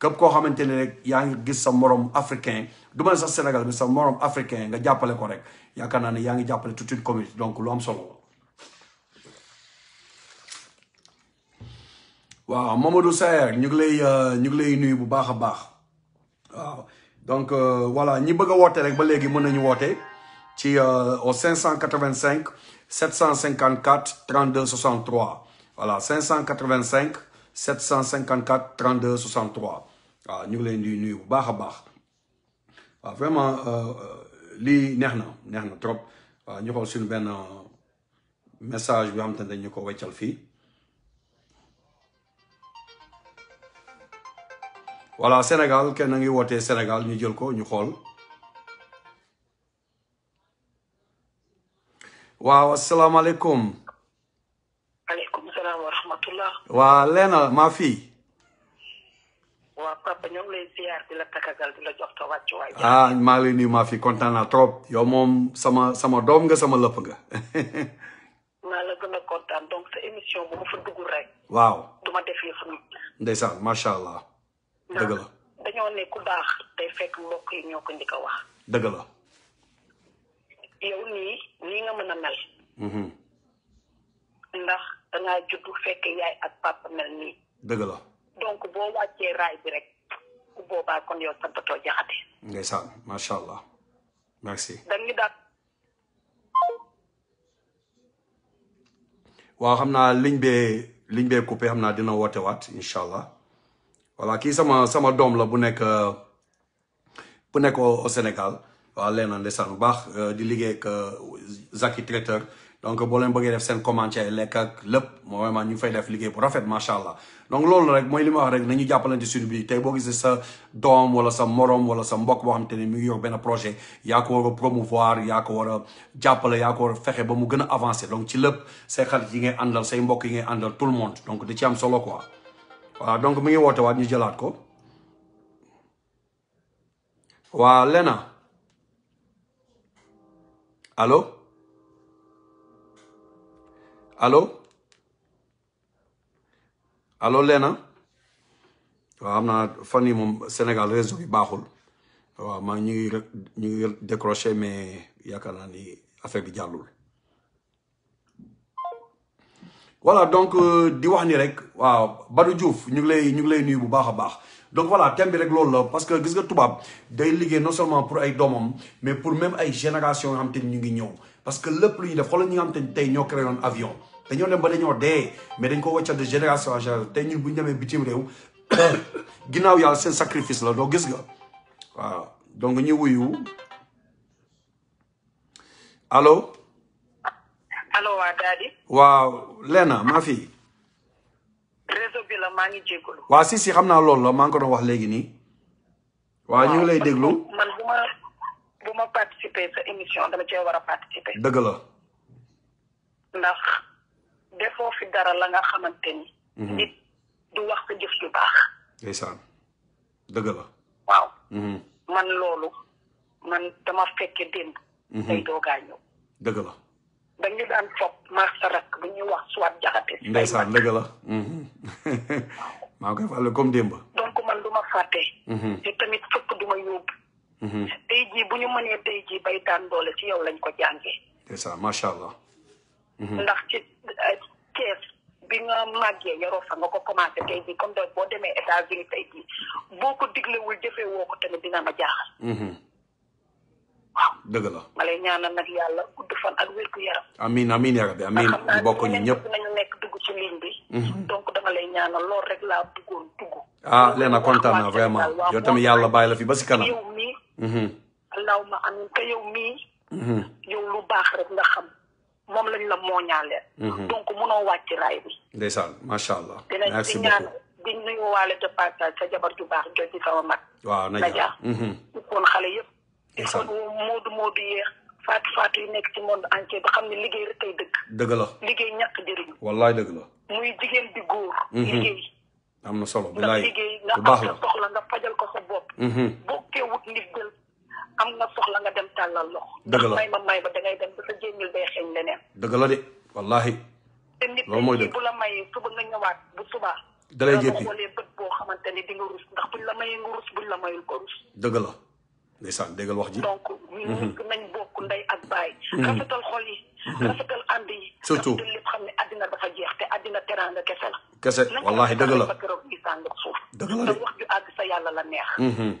képp koo xamante ne rek yaa ngi gis sa morom africain du ma sax Sénégal mais sa morom africain nga jàppale ko rek yaakaar naa ne yaa ngi jàppale toute une communauté donc lu am solo waaw Mamadou Saer ñu ngi lay euh, ñu ngi lay nuyu bu baax a baax waaw donc euh, voilà ñi bëgg a woote rek ba léegi mën nañu woote ci euh, au 585 754 32 63 voilà 585 754 32 63 waaw ñu ngi leen di nuyu bu baax a baax waaw vraiment lii neex na neex na trop waaw ñu xool suñu benn message bi xam te dañu ko weccal fii voilà Sénégal kenn na ngi wootee Sénégal ñu jël ko ñu xool waaw asalaamaaleykum wa rahmatullah waa Léna maa fii waaw papa ñoo ngi lay ziar ah maa ngi lay nuyu maa trop yow ya, sama sama doom nga sama lëpp nga. maa la gën a donc sa émission bu fa dugg rek. waaw du def yëfu nit. ndeysaan macha allah. la dañoo ne ku baax day fekk mbokk yi ñoo ko wax. la. yow nga ndax fekk yaay ak papa mel la. donc boo wàccee raay bi rek bu boobaa kon yow sabatoo jaxate. ndeysaan macha allah merci. waaw xam naa liñ bee liñ bee coupé xam naa dina woote waat incha allah walaa kii sama sama doom la bu nekk bu nekk au Sénégal waaw leen na bu baax euh, di liggéey ak euh, Zaki traiteur. donc bo len beugé def sen commentaire lek ak lepp mo vraiment ñu fay def liguey bu rafet machallah donc loolu rek moy lima wax rek nañu jappalante suñu bi tay bo gisé sa dom wala sa morom wala sa mbokk bo xamanteni te mi ngi yor ben projet ya ko war promouvoir ya ko wara jappalé ya ko wara fexé ba mu gëna avancer donc ci lepp say xal yi ngay andal say mbokk yi ngay andal tout le monde donc di ci am solo quoi wa donc mi ngi woote wat ñu jëlat ko wa lena allô allo allo Lena? Je suis Sénégal décroché mais affaire voilà donc je euh, suis ni rek donc voilà thème parce que gis nga tubaab non seulement pour les hommes, mais pour même les générations qui parce que le plus il faut que nous nga un avion dañoo dem ba dañoo dee mais dañ ko wacca de génération en génération tey ñun bu ñu demee bitim réew ginnaaw yàlla seen sacrifice la doo gis nga waaw donc ñu wuyu allo. allo waa Dadi. waaw Lena maa fi. la maa ngi jégalu. waa si xam naa loolu la maa ngi ko doon wax léegi nii. waaw ñu ngi lay déglu man bu ma war a participer. dëgg la. defo fi dara la nga xamanteni mhm. nit du wax sa jëf ju baax. ndeysaan deug la. waaw. Mhm. man loolu man dama fekke dem day do ñëw. deug la. ñu daan fop ma sa bu ñu wax suwat jaxate. ndeysaan deug la. Mhm. maa ngi koy fàlle comme démb. donc man du ma fàtte. te tamit fukk du ma yóbbu. tey jii bu ñu mënee tey jii bay daan doole ci yow lañ ko jàngee. ndeysaan macha allah. ndax ci Thiès bi nga màggee yaroo a nga ko commencé tey jii comme doon boo demee États-Unis tey jii boo ko diglewul jëfee woo ko tamit dina ma jaaxal. Mhm. dëgg la. ma lay ñaanal nag yàlla gudd fan ak wér gu yaram. amiin amiin a rabbi amiin bokk ñu ñëpp nañu nekk dugg ci ligne bi. Mhm. donc dama lay ñaanal a rek laa bëggoon dugg. ah Léna kontaan naa vraiment yow tamit yàlla bàyyi la fi ba si kanam. yow mii. Mhm. allahuma amiin te yow mii. yow lu baax rek nga xam. moom lañ la moo ñaaleen mhm. donc munoo wàcc raay bi ndeysaan macha allah dinañ di ñaan di nuyuwaale de passage sa jabar ju baax jooju sama mag waaw Nadia dikkoon mhm. xale yëpp dikkoon moodu moodu yéex faatu faatu yi nekk ci monde entier ba xam ne liggéey rek ay dëgg dëgg la liggéey ñàkk jëriñ wallaay dëgg la muy jigéen di góor mhm. liggéey am na solo bilaay bu baax nga am sa soxla nga fajal ko sa bopp bokkee wut nit jël am nga soxla nga dem tàllal loxo dëgg la may ma may ba da ngay dem ba sa jéemil day xeeñ leneen dëgg la de wallahi te nit ñi bu la mayee suba nga ñëwaat bu subaa da lay jéppi xoolee bët boo xamante di nga rus ndax buñ la mayee nga rus buñ la mayul ko rus dëgg la ndeysaan déggal wax ji donc mhm. nañ bokk ndey ak baay mhm. rafetal xol yi mhm. rafetal ànd yi surtout du xam ne àddina dafa jeex te àddina teraanga kese la kese wallahi dëgg la dëgg la wax ju àgg sa yàlla la neex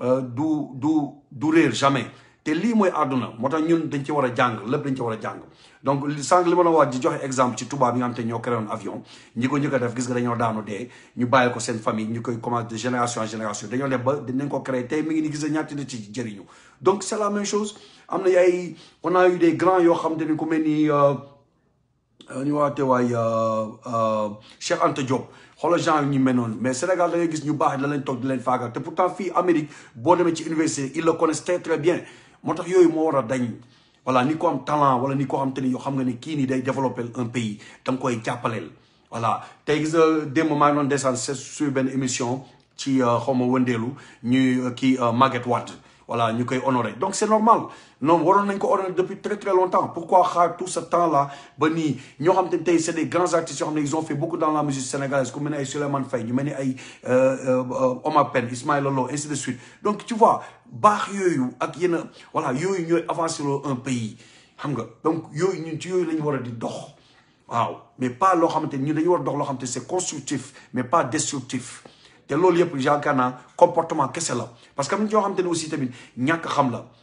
Euh, du du du jamais te li moy aduna moo ñun dañ ci wara jang lepp dañ ci wara jang donc sànq li ma la wax di joxe exemple ci tubaab bi nga xam te ñoo créé un avion ñiko ñëk njëkk def gis nga dañu daanu dé ñu bàyyil ko seen famille ñu koy commencé de génération en génération dañu dem ba dinañ ko créé té mi ngi ni gis nga ñaata ci jëriñu donc c'est la même chose amna na on a eu des grands yo xam dañ te ni ku mel ni ñu euh, euh, waate euh Cheikh Anta Diop xoolal ñu mënon mais Sénégal da gis ñu bax la lañ tok di leen faagal te pourtant fi Amérique bo démé ci université ils le connaissent très très bien motax yoy mo wara dañ voilà ni ko am talent wala ni ko am te ni yoo xam nga ni ki ni day développer un pays da koy jappalel voilà té gis démb maa non doon c'est sur benn émission ci euh, xaw wëndelu ñuy euh, ki euh, Maguette watt voilà ñukay honorer honoré donc c'est normal non, waroon nañ ko depuis très très longtemps pourquoi xaar tout ce temps là Bani nii xam te ne tey c'est des grands artistes xam ils ont fait beaucoup dans la musique sénégalaise comme mel ne Faye ñu mel euh, euh, Omar Pène Ismaël Lo ainsi de suite donc tu vois Bah yooyu ak yenn voilà yooyu ñooy avancé un pays xam nga donc yooyu ñun ci yooyu la ñu di dox waaw mais pas loo xamante ni ñun dañu war a c'est constructif mais pas destructif te loolu yëpp yaakaar naa comportement qu'est-ce là? parce que am na ñoo xamante aussi tamit ñàkk xam la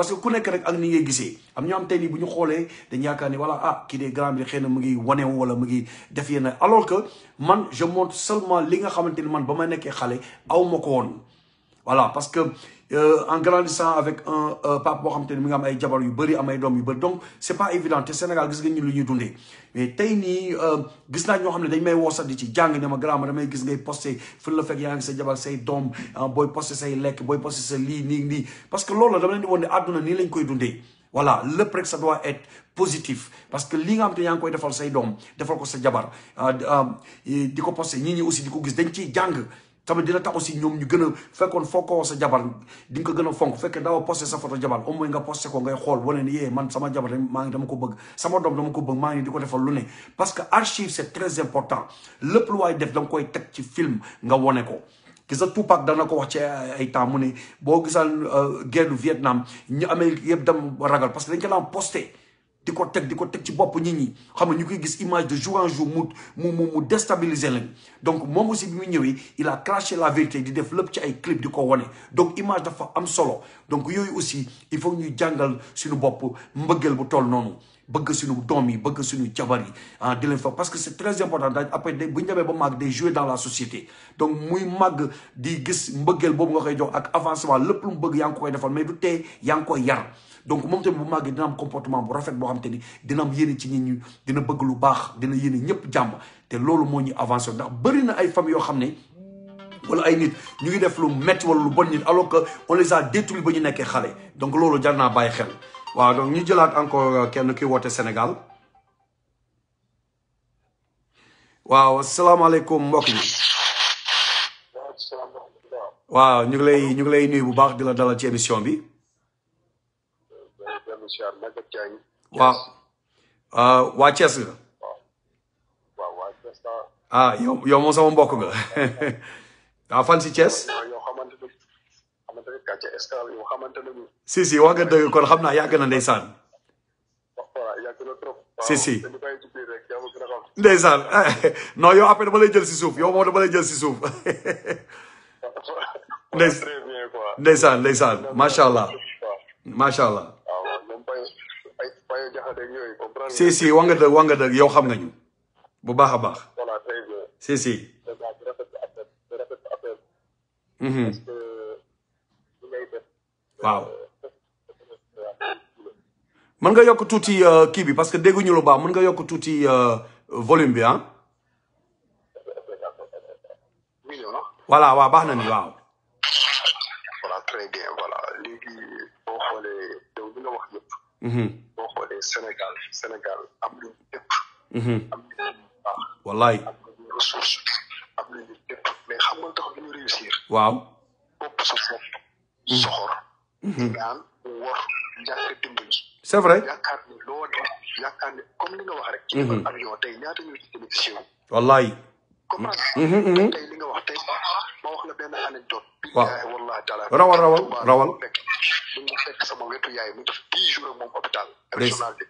parce que ku nekk rek ak ni ngay gisee am ñoo am tey nii bu ñu xoolee dañ yaakaar ni voilà ah kii dee grand bi xëy na mu ngi wanewu wala mu ngi def yenn alors que man je montre seulement li nga xamante ni man ba ma nekkee xale aw ma ko woon voilà parce que Euh, en grandissant avec un euh, papa boo a jabar c'est pas évident le Sénégal gis nga ñu mais tay ni euh, gis na xamné dañ may wo ci ne ma grand damay gis ngay poster fu la fek yaa sa jabar say dom ah, boy poster say li, ni ni. parce que dama leen di ne ni lañ koy voilà le doit être positif parce que li nga xam koy defal say dom defal ko sa jabar ah, ah, aussi gis dañ tamit dina tax aussi ñom ñu gëna a fekkoon fokkoo sa jabar di nga gëna gën a fonk fekkee daaw posté sa photo jabar au moins nga poster ko ngay xol woné ni eh, man sama jabar maa ngi dama ko bëgg sama dom dama ko bëgg maa ngi di ko defal lu né parce que archive c'est très important lépp lu waay def dang koy tek ci film nga woné ko gis nga Tupac dana ko wax ci ay temps mu ne boo gisaan euh, guerre du Vietnam ñu Amérique yëpp dem ragal parce que dañ ko lan poster diko ko diko di ci bop nit ñi xam nga gis image de jour en jour mu mu mu déstabiliser leen donc mom aussi bi mu ñëwé il a craché la vérité di def lépp ci ay clip diko woné donc image dafa am solo donc yoyu aussi il faut ñu jàngal suñu bop mbëggeel bu toll noonu bëgg suñu doom yi bëgg suñu jabar yi ah di leen fa parce que c'est très important après bu ñu ba màgg des jouer dans la société donc muy mag di gis mbëggeel boobu nga koy jox ak avancement lepp lu mu bëgg koy defal mais du té yang koy yar. donc mom tamit bu magi dina am comportement bu rafet bo xamanteni dina am yene ci nit ñi dina bëgg lu baax dina yene ñepp jamm té loolu mo ñi avancé ndax bari na ay famille yo xamné wala ay nit ñu ngi def lu metti wala lu bon nit alors que on les a détruits ba ñu nekkee xale donc loolu jar naa xel wa donc ñu jëlat encore euh, kenn ki woté Sénégal waaw salaamaaleykum mbokk yi waaw ñu ngi lay ñu ngi lay nuyu bu baax di la dalal ci émission bi inshallah gaggani waaw waa Thiès nga waaw waa Thiès ah yow yow moom sama mbokk nga ah fan si Thiès si si wax nga dëgg kon xam naa yàgg na si si ndeysaan ya, no yo après dama lay jël si suuf yow moom dama lay jël si suuf ndeysaan ndeysaan macha allah macha allah si si wax nga dëgg wax nga dëgg yow xam nga ñu bu baax a baax. si si. Mhm. waaw. Euh, mën nga yokk tuuti euh, kii bi parce que dégguñu lu baax mën nga yokk tuuti euh, volume bi ah. voilà waaw baax na ni waaw. voilà très xoolee yow li nga wax Sénégal Sénégal am nañu lépp. Mhm. am nañu baax. wallaay am mais xam nga tax du réussir. waaw. bopp sa bopp. Mhm. soxor. daan mhm. wor a dimbali. c'est vrai yaakaar ni loo def yaakaar comme li wax rek. ci avion tey ñaata ñoo ci bénéficié wu. comprendre tey li nga wax tey wax la benn anecdote. waaw wallahi taala rawal rawal rawal. bu sama wetu yaay mu def dix jours ak moom hôpital régional de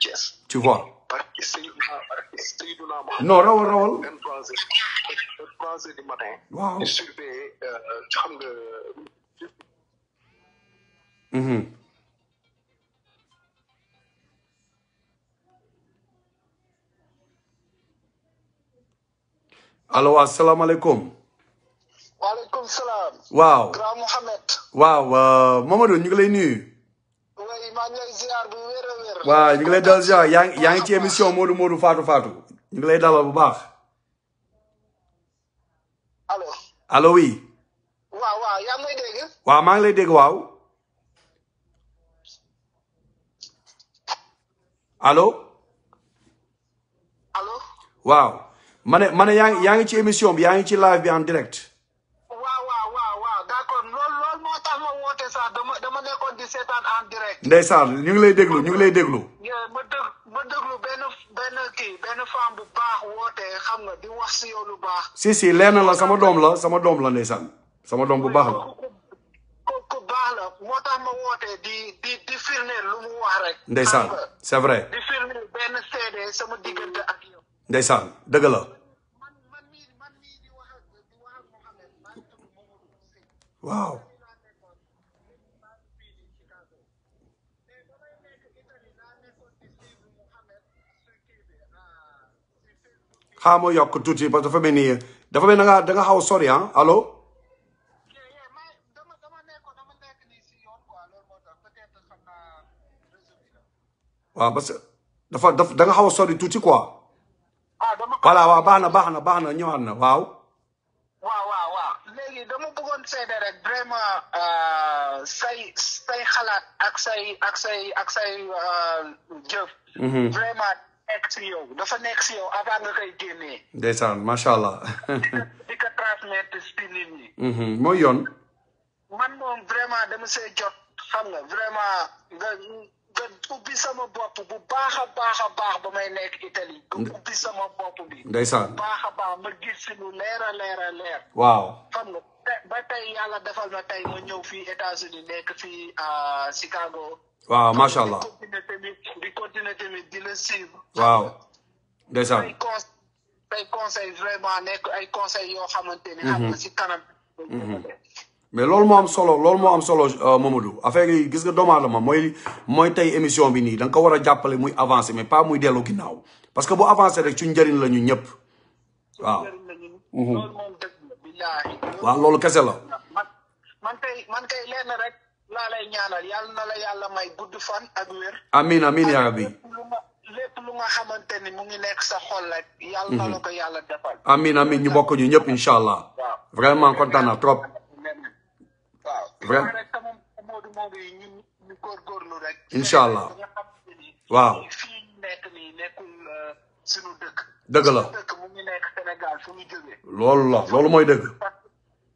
non rawal rawal. vingt trois heures vingt trois heures xam nga. alo waaw salaamaaleykum. waaleykum salaam. waaw grand Mohamed. Euh, ñu ngi lay nuyu. oui ngi lay waaw ñu ngi lay dal yaa ngi yaa ngi ci émission Modou Modou Fatou Fatou. ñu ngi lay dalal bu baax. allo. allo waaw maa ngi lay dégg waaw. alo waaw. mané mané yang yang ci émission bi ci live bi en direct. waaw waaw waaw waaw d'accord lol lol mo tax mo woté ça dama dama nekkoon di sétane en direct. Desa, ñu ngi lay déglu ñu ngi lay déglu. ma ya, dég ma déglu ben ben ki ben femme bu baax woté xam nga di wax ci yow lu baax. si si lén la sama dom la sama dom la desa, sama dom bu baax la. ko ko baax la mo tax ma woté di di di firné lu mu wax rek. ndeysaan c'est vrai. di firné ben seede sama digënté ak yow. ndeysaan dëgg la waaw xaama yokk tuuti parce dafa mel dafa mel danga da nga xaw sori ah allo waaw parce que dafa daf da nga xaw sori tuuti quoi voilà waaw baax na baax na baax na ñëwaat na waaw. waaw waaw waaw léegi dama bëggoon seede rek vraiment euh, say say xalaat ak say ak say ak say euh, jëf. Mhm. vraiment nekk si yow dafa nekk si yow avant nga koy génnee. ndeysaan macha allah. di ko transmettre mhm, mooy yoon. man moom vraiment dama see jot xam nga vraiment nga. ubisama bopp bu baax a baax a baax ba may nekk Italie nga ubbi sama bopp bi ndeysaan baax a baax ma gis fi lu leer a leer a leer waaw xam nga ba tey yàlla defal na tey ma ñëw fii États-Unis nekk fii Chicago waaw é allah di continuer tamit di é tamit di la suivre waaw é ay conseil vraiment nekk ay conseil yoo xamante ne xam mhm. nga é kanam mhm. mais lol mo am solo lol mo am solo euh, Mamadou affaire yi gis nga doomu aadama moy moy tay émission bi ni dang ko wara jappalé muy avancer mais pas muy délo ginnaaw parce que bu avancer rek ci njëriñ la ñu ñëpp waaw. Mhm. waaw lolou kessé la. man tay man tay lén rek la lay ñaanal yalla na la yalla may gudd fan ak wër amin amin ya rabbi. lépp lu nga xamante mu ngi nekk sa xol rek. yalla na mhm. la ko yalla defal. amin amin ñu bokku ñu ñëpp inshallah vraiment content na trop. waaw vraiment rek sama Modou Modou yi allah nga xam ni. nekk nekkul euh, suñu dëkk. dëgg la suñu dëkk mu loolu la loolu mooy dëgg.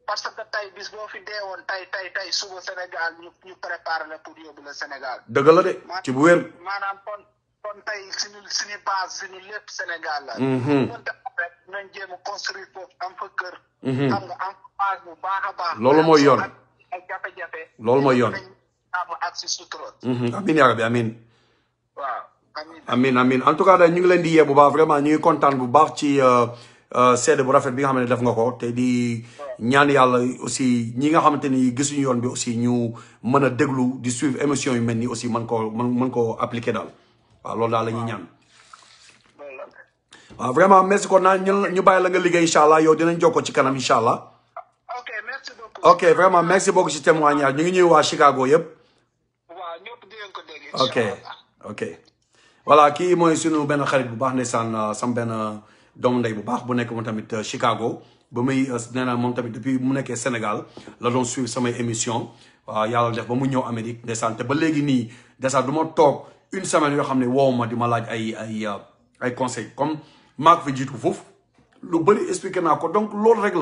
parce que tey bis boo fi deewoon tey tey tey suba Sénégal ñu ñu préparé la pour yóbbu la Sénégal. dëgg la de ci bu wér. maanaam kon kon tey suñu suñu base suñu lépp Sénégal la. Mhm. nañ am fa kër. Mhm. bu baax a baax. loolu mooy yoon. ay jafe-jafe. loolu mooy yoon am ak si sutura. Mhm. amiin yaa rabbi amiin. waaw amiin amiin en tout cas daal ñu ngi leen di yee bu baax vraiment ñu ngi kontaan bu baax ci euh, euh, seede bu rafet bi nga xam ne def nga ko te di ñaan yàlla aussi ñi nga xamante ni gisuñu yoon bi aussi ñu mën a déglu di suivre émission yu mel nii aussi mën koo mën mën koo appliquer daal waaw loolu daal la ñuy ñaan. waaw vraiment merci kon naa ñu ñu bàyyi la nga liggéey incha allah yow dinañ jokkoo ci kanam incha allah. ok vraiment merci beaucoup de témoignage ñu sommes ñuy Chicago yep. ok ok voilà moi ici sunu ben xarit ah, ah, ndey tamit ah, Chicago Je suis tamit depuis mu Sénégal la suivre cette émission wa yalla def ba Amérique ba une semaine ne laaj ay ay conseils comme Marc lu donc l'autre règle,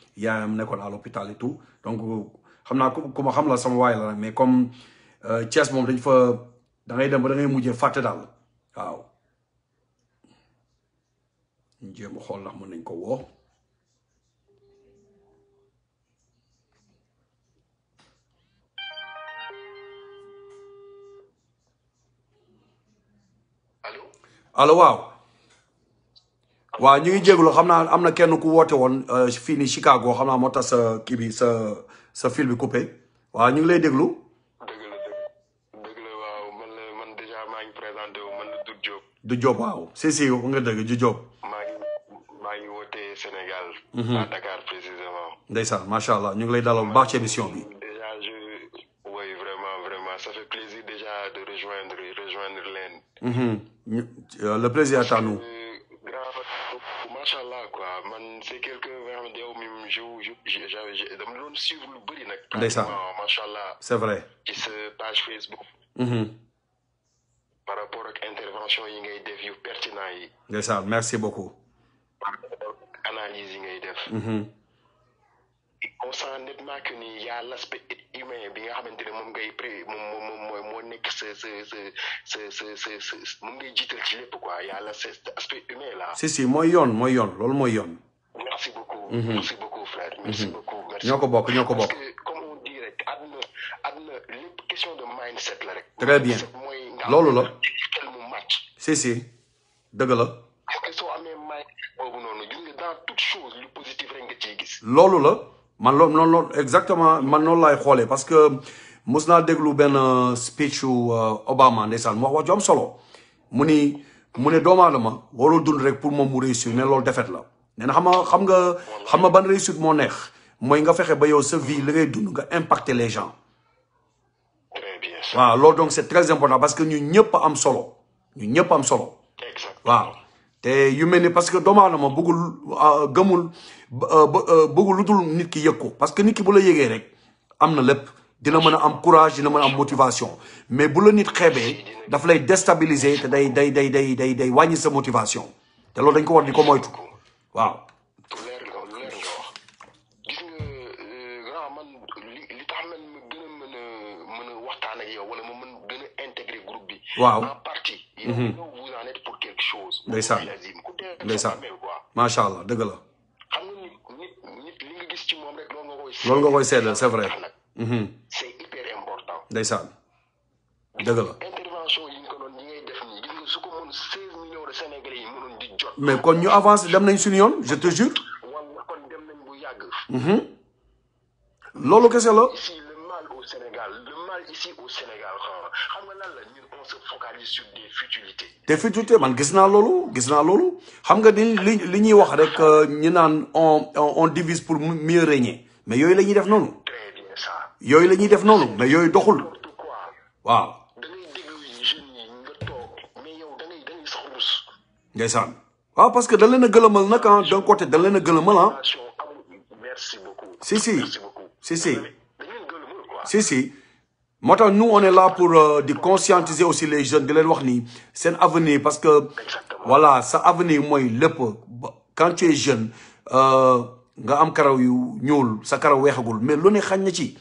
yaayam nekkoon à l'hôpital et tout donc xam naa ku ma xam la sama waay la nag mais comme euh, Thiès moom dañ fa da ngay dem ba da ngay mujjee fàtte daal waaw jéem a xool ndax mën nañ ko woo waaw waaw ñu ngi jégalu xam naa am na kenn ku woote woon euh, fii ni Chicago xam naa moo tax sa kii bi sa sa fil bi coupé waa ñu ngi lay déglu. dëgg la waaw man la man dèjà maa ngi présenté wo man la du Diop. du Diop waaw si si nga dëgg du Diop. maa ngi maa ngi wootee Sénégal. Mhm. à Dakar précisément. macha allah ñu ngi lay dalal bu émission bi. dèjà je oui vraiment vraiment ça fait plaisir dèjà de rejoindre rejoindre leen. Mhm. Euh, le plaisir à nous. c'est quelque quelqu' de nga xamante j'ai oh, je je suivre le bëri nak ndeysaan macha allah. c' vrai qui se page Facebook. Mm-hmm. par rapport aux interventions yi ngay def yu pertinent yi. ça merci beaucoup. par rapport analyse yi ngay def. Mm-hmm. on sent nettement que ni y a l'aspect humain bi nga xamante mom ngay pré mom moom mooy moo nekk ce ce ce ce ce sa sa ngay jiital ci lépp quoi y a l'aspect aspect humain là. si si mooy yoon lol yoon merci beaucoup. Mhm. Mhm. ñoo ko bokk ñoo ko bokk. comme on rek àdduna àdduna lépp question rek. très bien loolu la. xel mu màcc. amee mindset boobu noonu loolu la man loolu noonu exactement man noonu laay xoolee parce que mos naa déglu benn euh, speech u euh, Obama ndeysaan mu wax wax solo mu ni mu ne doomu aadama warul dund rek pour moom mu réussir ne loolu defet la. nee xam xam nga xam nga ban réussite mo neex moy nga fexé ba yow sa vie li ngay dund nga impacter les gens. très bien waaw loolu donc c'est très important parce que ñun ñëpp am solo ñun ñëpp am solo. waaw té yu melni parce que doomu aadama bëggul ah, gëmul ah, ah, bëggul lu nit ki yëg parce que nit ki bu la yëgee rek am na lépp. dina mëna am courage dina mëna am motivation mais bu la nit xeebee daf lay déstabiliser té day day day day day wañi sa motivation té loolu dañ ko war di ko moytu. waaw. leer nga leer nga wax gis nga euh, grand man li li tax man ma gën a mën a mën a waxtaan ak yow wala ma mën gën a intégrer groupe bi. waaw en partie. yow mhm. vous en êtes pour quelque chose. ndeysaan ndeysaan macha allah dëgg la. xam nga nit nit nit li nga gis ci moom rek loolu nga koy. loolu nga koy seedal c'est vrai. Mhm. c'est hyper important. ndeysaan dëgg la. mais kon ñu avancé dem nañ suñu yoon je te jure. wala kon dem nañ bu yàgg. loolu kese la. ici le mal au Sénégal le mal ici au Sénégal hein. xam nga lan la ñun on se focalise sur des futilités. des futilités man gis na loolu gis na loolu xam nga ni li li wax rek euh, ñi naan on on divise pour mieux régner mais yoy la def noonu. yoy bien def noonu mais yoy doxul. waaw. da ngay déglu jeunes yi nga toog mais yow da ngay da ngay sax rus. ndeysaan. Ah, parce que dans les négociations, d'un côté dans les négociations, merci beaucoup. si si si si si si Maintenant nous on est là pour euh, di conscientiser aussi les jeunes de leen wax ni seen avenir parce que voilà ça avenir mooy l'époque, quand tu es jeune euh, nga am karaw yu ñuul sa karaw weexagul mais lu ne xagn ci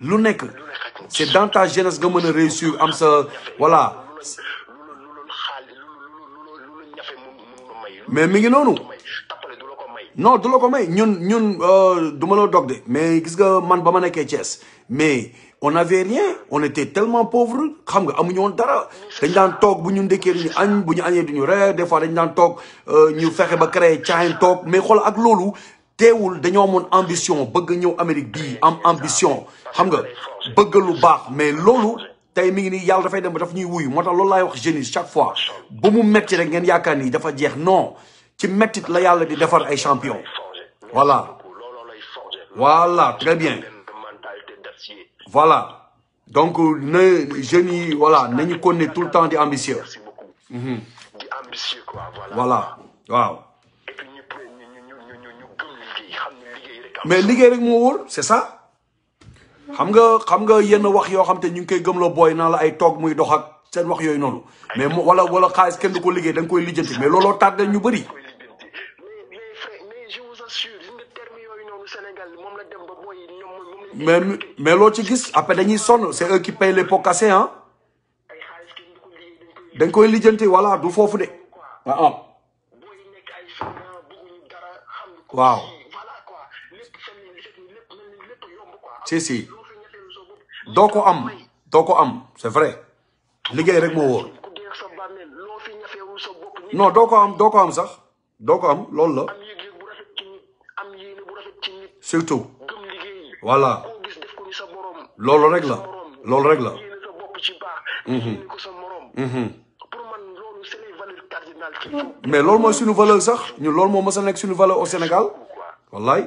lu nekk c'est dans ta jeunesse nga mën réussir am sa voilà mais mi ngi non du la ko may ñun ñun euh, du ma la dog de mais gis nga man bama ma ties mais on avait rien on était tellement pauvre xam nga amuñu woon dara dañ dan tok bu ñun ndékkee ni añ bu ñu añee duñu ré des fois dañ daan toog euh, ñu fexé ba créer caayin tok mais xol ak lolu téwul dañu mon ambition bëgg ñëw Amérique bi am ambition xam nga bëgg lu baax mais lolu tay mi ngi ni yalla da fay dem daf ñuy wuyu motax tax loolu laay wax jeunes chaque fois bu mu metti rek ngeen yaakaar ni dafa jeex non ci metti la yalla di defar ay champion voilà voilà très bien voilà donc ne jeunes yi voilà nañu konne tout le temps di ambitieux di ambitieux quoi voilà waaw mais liggéey rek moo wóor c'est ça xam nga xam nga yenn wax yoo xam te ñu ngi koy gëmloo booy naa la ay toog muy dox ak seen wax yooyu noonu mais wala wala xaalis kenn du ko liggéey da nga koy lijjanti mais looloo tardé ñu bëri. mais mais loo ci gis après dañuy sonn c'est eux qui le les pots cassés ah dañ koy lijjanti voilà du foofu de ah, ah. waaw si si Doko am doko am c'est vrai Les rek non doko am doko am am surtout voilà Lol rek la regle. Mhm. Mhm. mais loolu si nous valeur sax ñu au Sénégal beaucoup.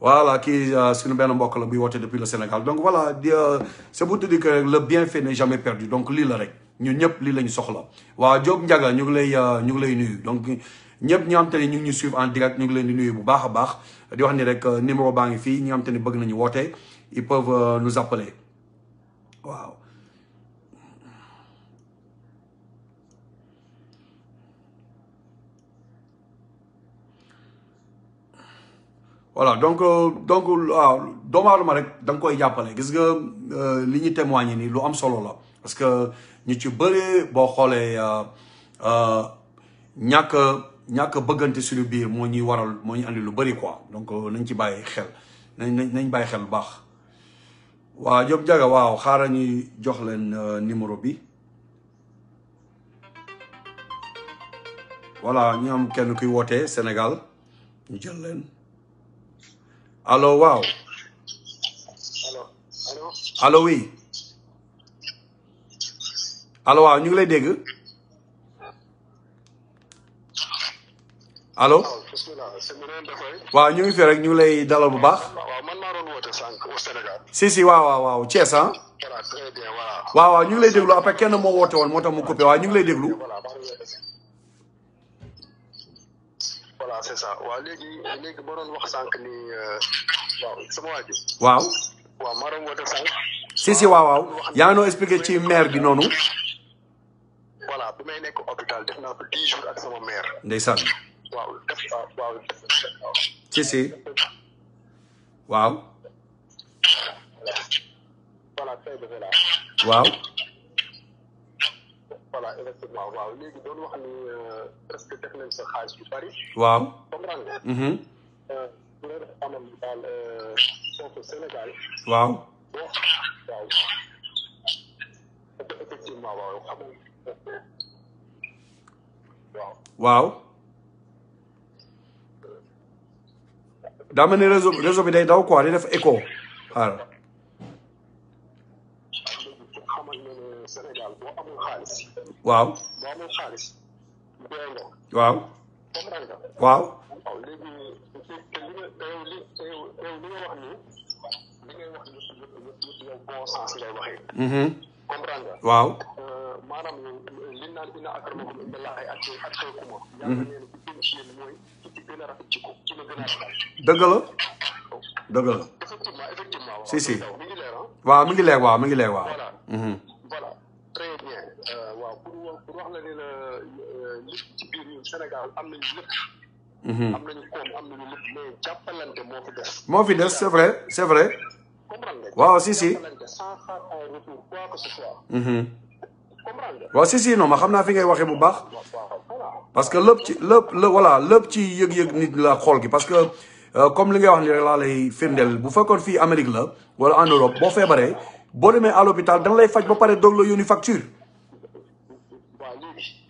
voilà qui kii nous nous mbokk voter depuis le Sénégal donc voilà euh, c'est pour te dire que le bienfait n'est jamais perdu donc lii la Nous, nous sommes nous la soxla sommes nous euh, donc nous, sommes là, en direct Nous, sommes leen di sommes bu nous euh, sommes numéro là, Nous, sommes ñi nous ils peuvent nous appeler waaw voilà donc euh, donc waaw ah, rek da nga koy jàppale gis nga euh, li ñu témoigner nii lu am solo la parce que ñu ci bëre boo xoolee euh, ñàkk ñàkk bëggante suñu biir moo ñuy waral moo ñuy andi lu bari quoi donc nañ ci bàyyi xel nañ nañ bàyyi xel bu baax waa Diop Diaga waaw xaaral ñuy jox leen numéro bi voilà ñu am kenn kuy wootee Sénégal ñu jël leen Allô, wow. allô oui. allô waaw wow wow. Nous dégg allo waaw Wow. Nous fi Wow, Nous ngi Wow, dalal bu Wow, si si wow wow wow Wow, ah wow Wow, ñu ngi Wow, déglu après Wow, nous woote Wow, wow tax Wow, coupé waaw Wow. Nous lay Wow, voilà c'est waaw léegi léegi wax sànq ni euh, waaw si si waaw waaw yaa noo expliqué ci maire bi noonu. voilà bi may nekk hôpital def naa ko dix ak sama maire. ndeysaan. waaw waaw si si. waaw. waaw. voilà effectivement waaw léegi doon wax ni est-ce que def nañ sa xaalis bu bari. waaw comprendre nga. bu la def amal daal soo Sénégal. waaw. waaw. effectivement waaw xam waaw. waaw. daa mel ni réseau réseau bi day daw quoi di def écho xaaral. Sénégal boo amul xaalis. waaw boo amul xaalis. waaw. waaw. waaw léegi te li nga li li nga wax nii li ngay wax nii yow bon sens ngay waxee. Mm-hmm. comprendre nga. waaw. Euh, maanaam li naan dina akarmakum indallaahi atqaakum. Mm-hmm. yàlla nee na ku gën ci yéen mooy ki ci gën a rafet ci ko ci la gën a rafet. dëgg la. Oh. dëgg la. effectivement effectivement. si si. mi ngi leer ah. waaw mi ngi leer waaw mi ngi leer waaw. voilà. Mm-hmm. wax la ne la lépp euh, ci biir ñun Sénégal am nañu lépp. Mhm. am nañu koom am nañu lépp mais jàppalante moo fi des. moo fi des c' est vrai c' est vrai. comprendre nga waaw si si. jàppalante sans xaar ay retour mhm. comprendre nga waaw si si non ma xam naa fi ngay waxee bu baax. parce que lépp ci lépp la voilà lépp ci yëg-yëg nit la xol gi parce que. Euh, comme li ngay wax ni rek laa lay firndeel bu fekkoon fii Amérique la wala en Europe boo feebaree boo demee à l'hôpital dana lay faj ba pare doog la yónni facture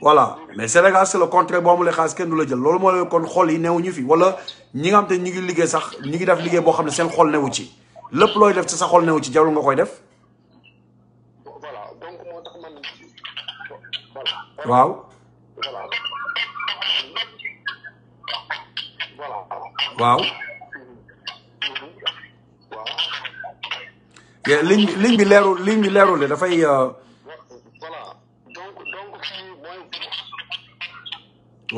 voilà mais Sénégal c'est le contraire boo amulee xaalis kenn du la jël loolu moo la kon xol yi newu ñu fi wala ñi nga xam ñi ñu ngi liggéey sax ñu ngi def liggéey boo xam ne seen xol newu ci lépp looy def ci sa xol newu ci jarul nga koy def waaw waaw ligne ligne bi leerul ligne bi leerul de dafay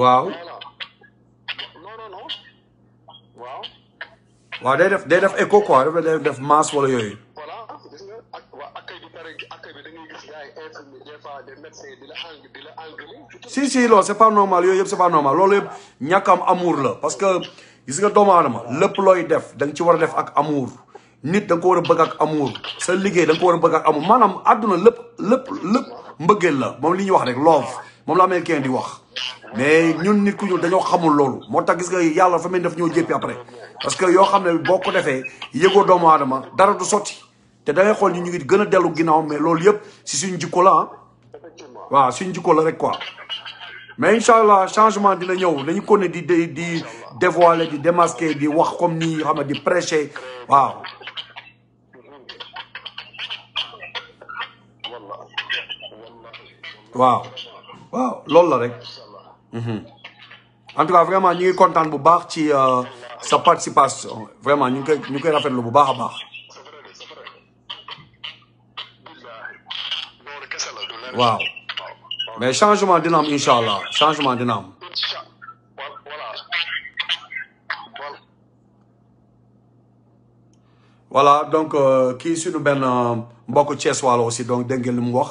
waaw. non non non waaw. day def day def écho quoi dafa def masse wala yooyu. yi infirmier des fois des médecins di la ang di la ang. si si loolu c'est pas normal yooyu yëpp c'est pas normal loolu yëpp ñàkk am amour la parce que gis nga doomu aadama lépp looy def da ci war a def ak amour. nit da ko war a bëgg ak amour sa liggéey da nga ko war a bëgg ak amour maanaam àdduna lépp lépp lépp la moom li ñuy wax rek loof mom la américain di wax mais ñun nit ku ñu dañu xamul loolu moo tax gis nga yalla fa mel daf ñoo jéppi après parce que yo xamné ne défé ko de doomu du soti te da ngay xol ñu ñu ngi gëna a ginaaw mais loolu yëpp si suñu jikko la wa ah. waaw nous jikko rek quoi mais inshallah nous changement dina ñëw dañu konné nous di di dévoiler di démasquer di wax comme nous prêcher waaw waaw waaw loolu la rek. Mhm. en tout cas vraiment ñu ngi kontaan bu baax ci euh, sa participation vraiment ñu ngi koy ñu ngi koy rafetlu bu baax a baax. waaw mais changement dina am incha changement dina am. voilà donc euh, kii suñu benn euh, mbokk Thiès wàll aussi donc dégg ngeen mu wax.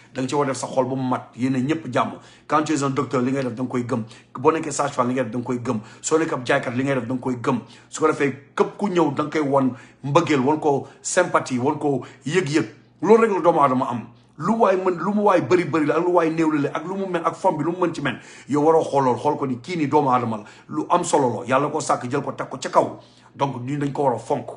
dang nga ci war def sa xol bu mat yéene ñëpp jàmm quand tu es un li ngay def da nga koy gëm boo nekkee sage-femme li ngay def da nga koy gëm soo nekkee ab jaaykat li ngay def da nga koy gëm su ko defee képp ku ñëw da koy wan mbëggeel wan ko sympathie wan ko yëg-yëg loolu rek la doomu aadama am lu waay mën lu mu waay bëri bëri la ak lu waay néew la ak lu mu mel ak fom bi lu mu mën ci mel yow waroo xoolool xool ko ni kii nii doomu aadama lu am solo yàlla ko sàkk jël ko teg ko ca kaw donc ñun dañ ko war a fonk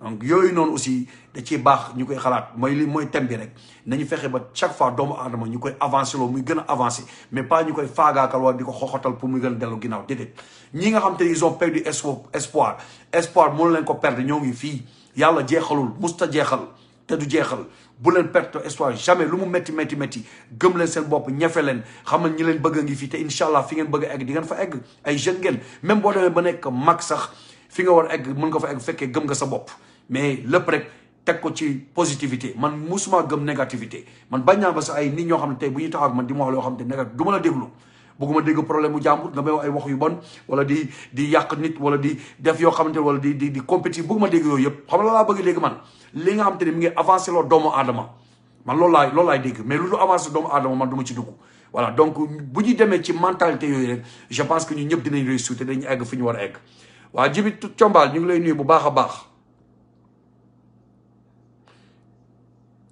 donc yooyu noonu aussi da ciy baax ñu koy xalaat mooy li mooy thème bi rek nañu fexe ba chaque fois doomu aadama ñu koy avancé loo muy gën a avancé mais pas ñu koy faagaakal wala di ko xoxotal pour muy gën a dellu ginnaaw déedéet ñi nga xam te ils ont perdu espoir espoir mënu leen ko perdre ñoo ngi fii yàlla jeexalul musta jeexal te du jeexal bu leen perte espoir jamais lu mu métti métti métti gëm leen seen bopp ñafe leen xamal ñi leen bëgg a ngi fii te incha allah fi ngeen bëgg a egg fa egg ay jeune ngeen boo demee ba nekk mag sax fi nga war a egg mën fa egg fekkee gëm nga sa bopp mais lépp rek teg ko ci positivité man musuma gëm négativité man bañ naa ba sa ay nit ñoo xam ne tey bu ñuy taxaw man di ma loo xam te négatif du ma la déglu bëgguma dégg problème mu jàmbur nga may wax ay yu bon wala yàq nit wala di def yoo xamante ne wala di di di compétir bëgguma dégg yooyu yëpp xam la laa bëgg dégg man li nga xam te ne mi ngi avancé loo doomu aadama man loolu laay loolu laay dégg mais lu lu avancé doomu aadama man du ma ci dugg voilà donc bu ñu demee ci mentalité yooyu rek je pense que ñu ñëpp dinañ réussir te dañu egg fi ñu war a egg waa jibi combaal ñu ngi lay nuyu bu baax baax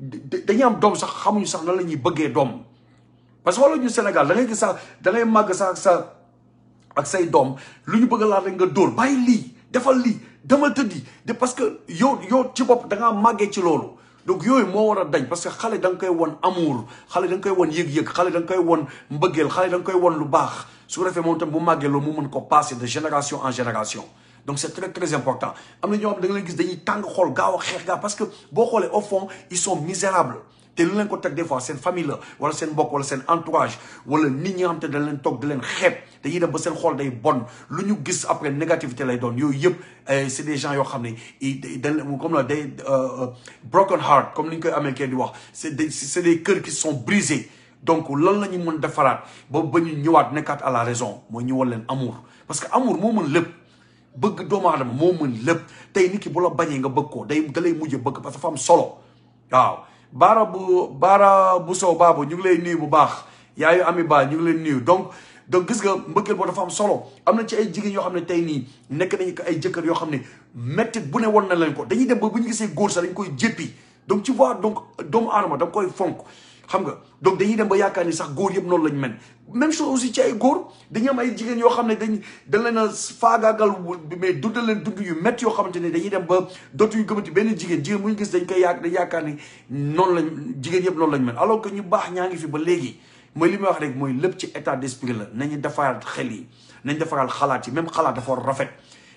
dañuy am doom sax xamuñu sax nan la ñuy bëggee doom parce que wala ñu Sénégal da ngay gis sax da ngay màgg sax ak sa say doom lu ñu bëgg laa rek nga door bàyyi lii defal lii demal tëddi de parce que yow yow ci bopp da ngaa màggee ci loolu donc yooyu moo war a dañ parce que xale da nga koy won amour xale da nga koy won yëg-yëg xale da nga koy won mbëggeel xale da nga koy won lu baax su refee moom tam bu màggee loolu mu mun ko passer de génération en génération donc c'est très très important am na ñoo xam da nga leen gis dañuy tàng xool gaaw a xeex gaaw parce que boo xoolee au fond ils sont misérables te li leen ko teg des fois seen famille la wala seen mbokk wala seen entourage wala nit ñi nga xam te da leen toog da leen xeeb dañuy dem ba seen day bon lu gis après négativité lay doon yooyu yep eh, c'est des gens yoo xam ne dañ comme la day euh, euh, broken heart comme li ñu koy di wax c'est c'est des cœurs qui sont brisés donc lan la ñu mën defaraat ba ba ñu ñëwaat nekkaat à la raison mooy ñëwal leen amour parce que amour moo mën lépp bëgg doomu aadama moo mën lépp tey nit ki bu la bañee nga bëgg koo day da lay mujj bëgg parce que fa am solo waaw baara bu baara bu sow baabo ñu ngi lay nuyu bu baax yaayu ami baa ñu ngi lay nuyu donc donc gis nga mbëggeel boo dafa am solo am na ci ay jigéen yoo xam ne tey nii nekk nañu ko ay jëkkër yoo xam ne métti bu ne woon na leen ko dañuy dem ba bu ñu gisee góor sa dañ koy jéppi donc ci vois donc doomu aadama da koy fonk xam nga donc dañuy dem ba yaakaar ni sax góor yëpp noonu lañ men même chose aussi ci ay góor dañuy am ay jigéen yoo xam ne dañ dañ leen a faagaagal mais dundal leen dund yu métti yoo xamante ne dañuy dem ba dootuñu gëmati benn jigéen jigéen bu ñu gis dañ koy yaak dañ yaakaar ni noonu lañ jigéen yëpp noonu lañ mel alo que ñu baax ñaa ngi fi ba léegi mooy li may wax rek mooy lépp ci état d'esprit la nañu defaraat xel yi nañ defaraat xalaat yi même xalaat dafa rafet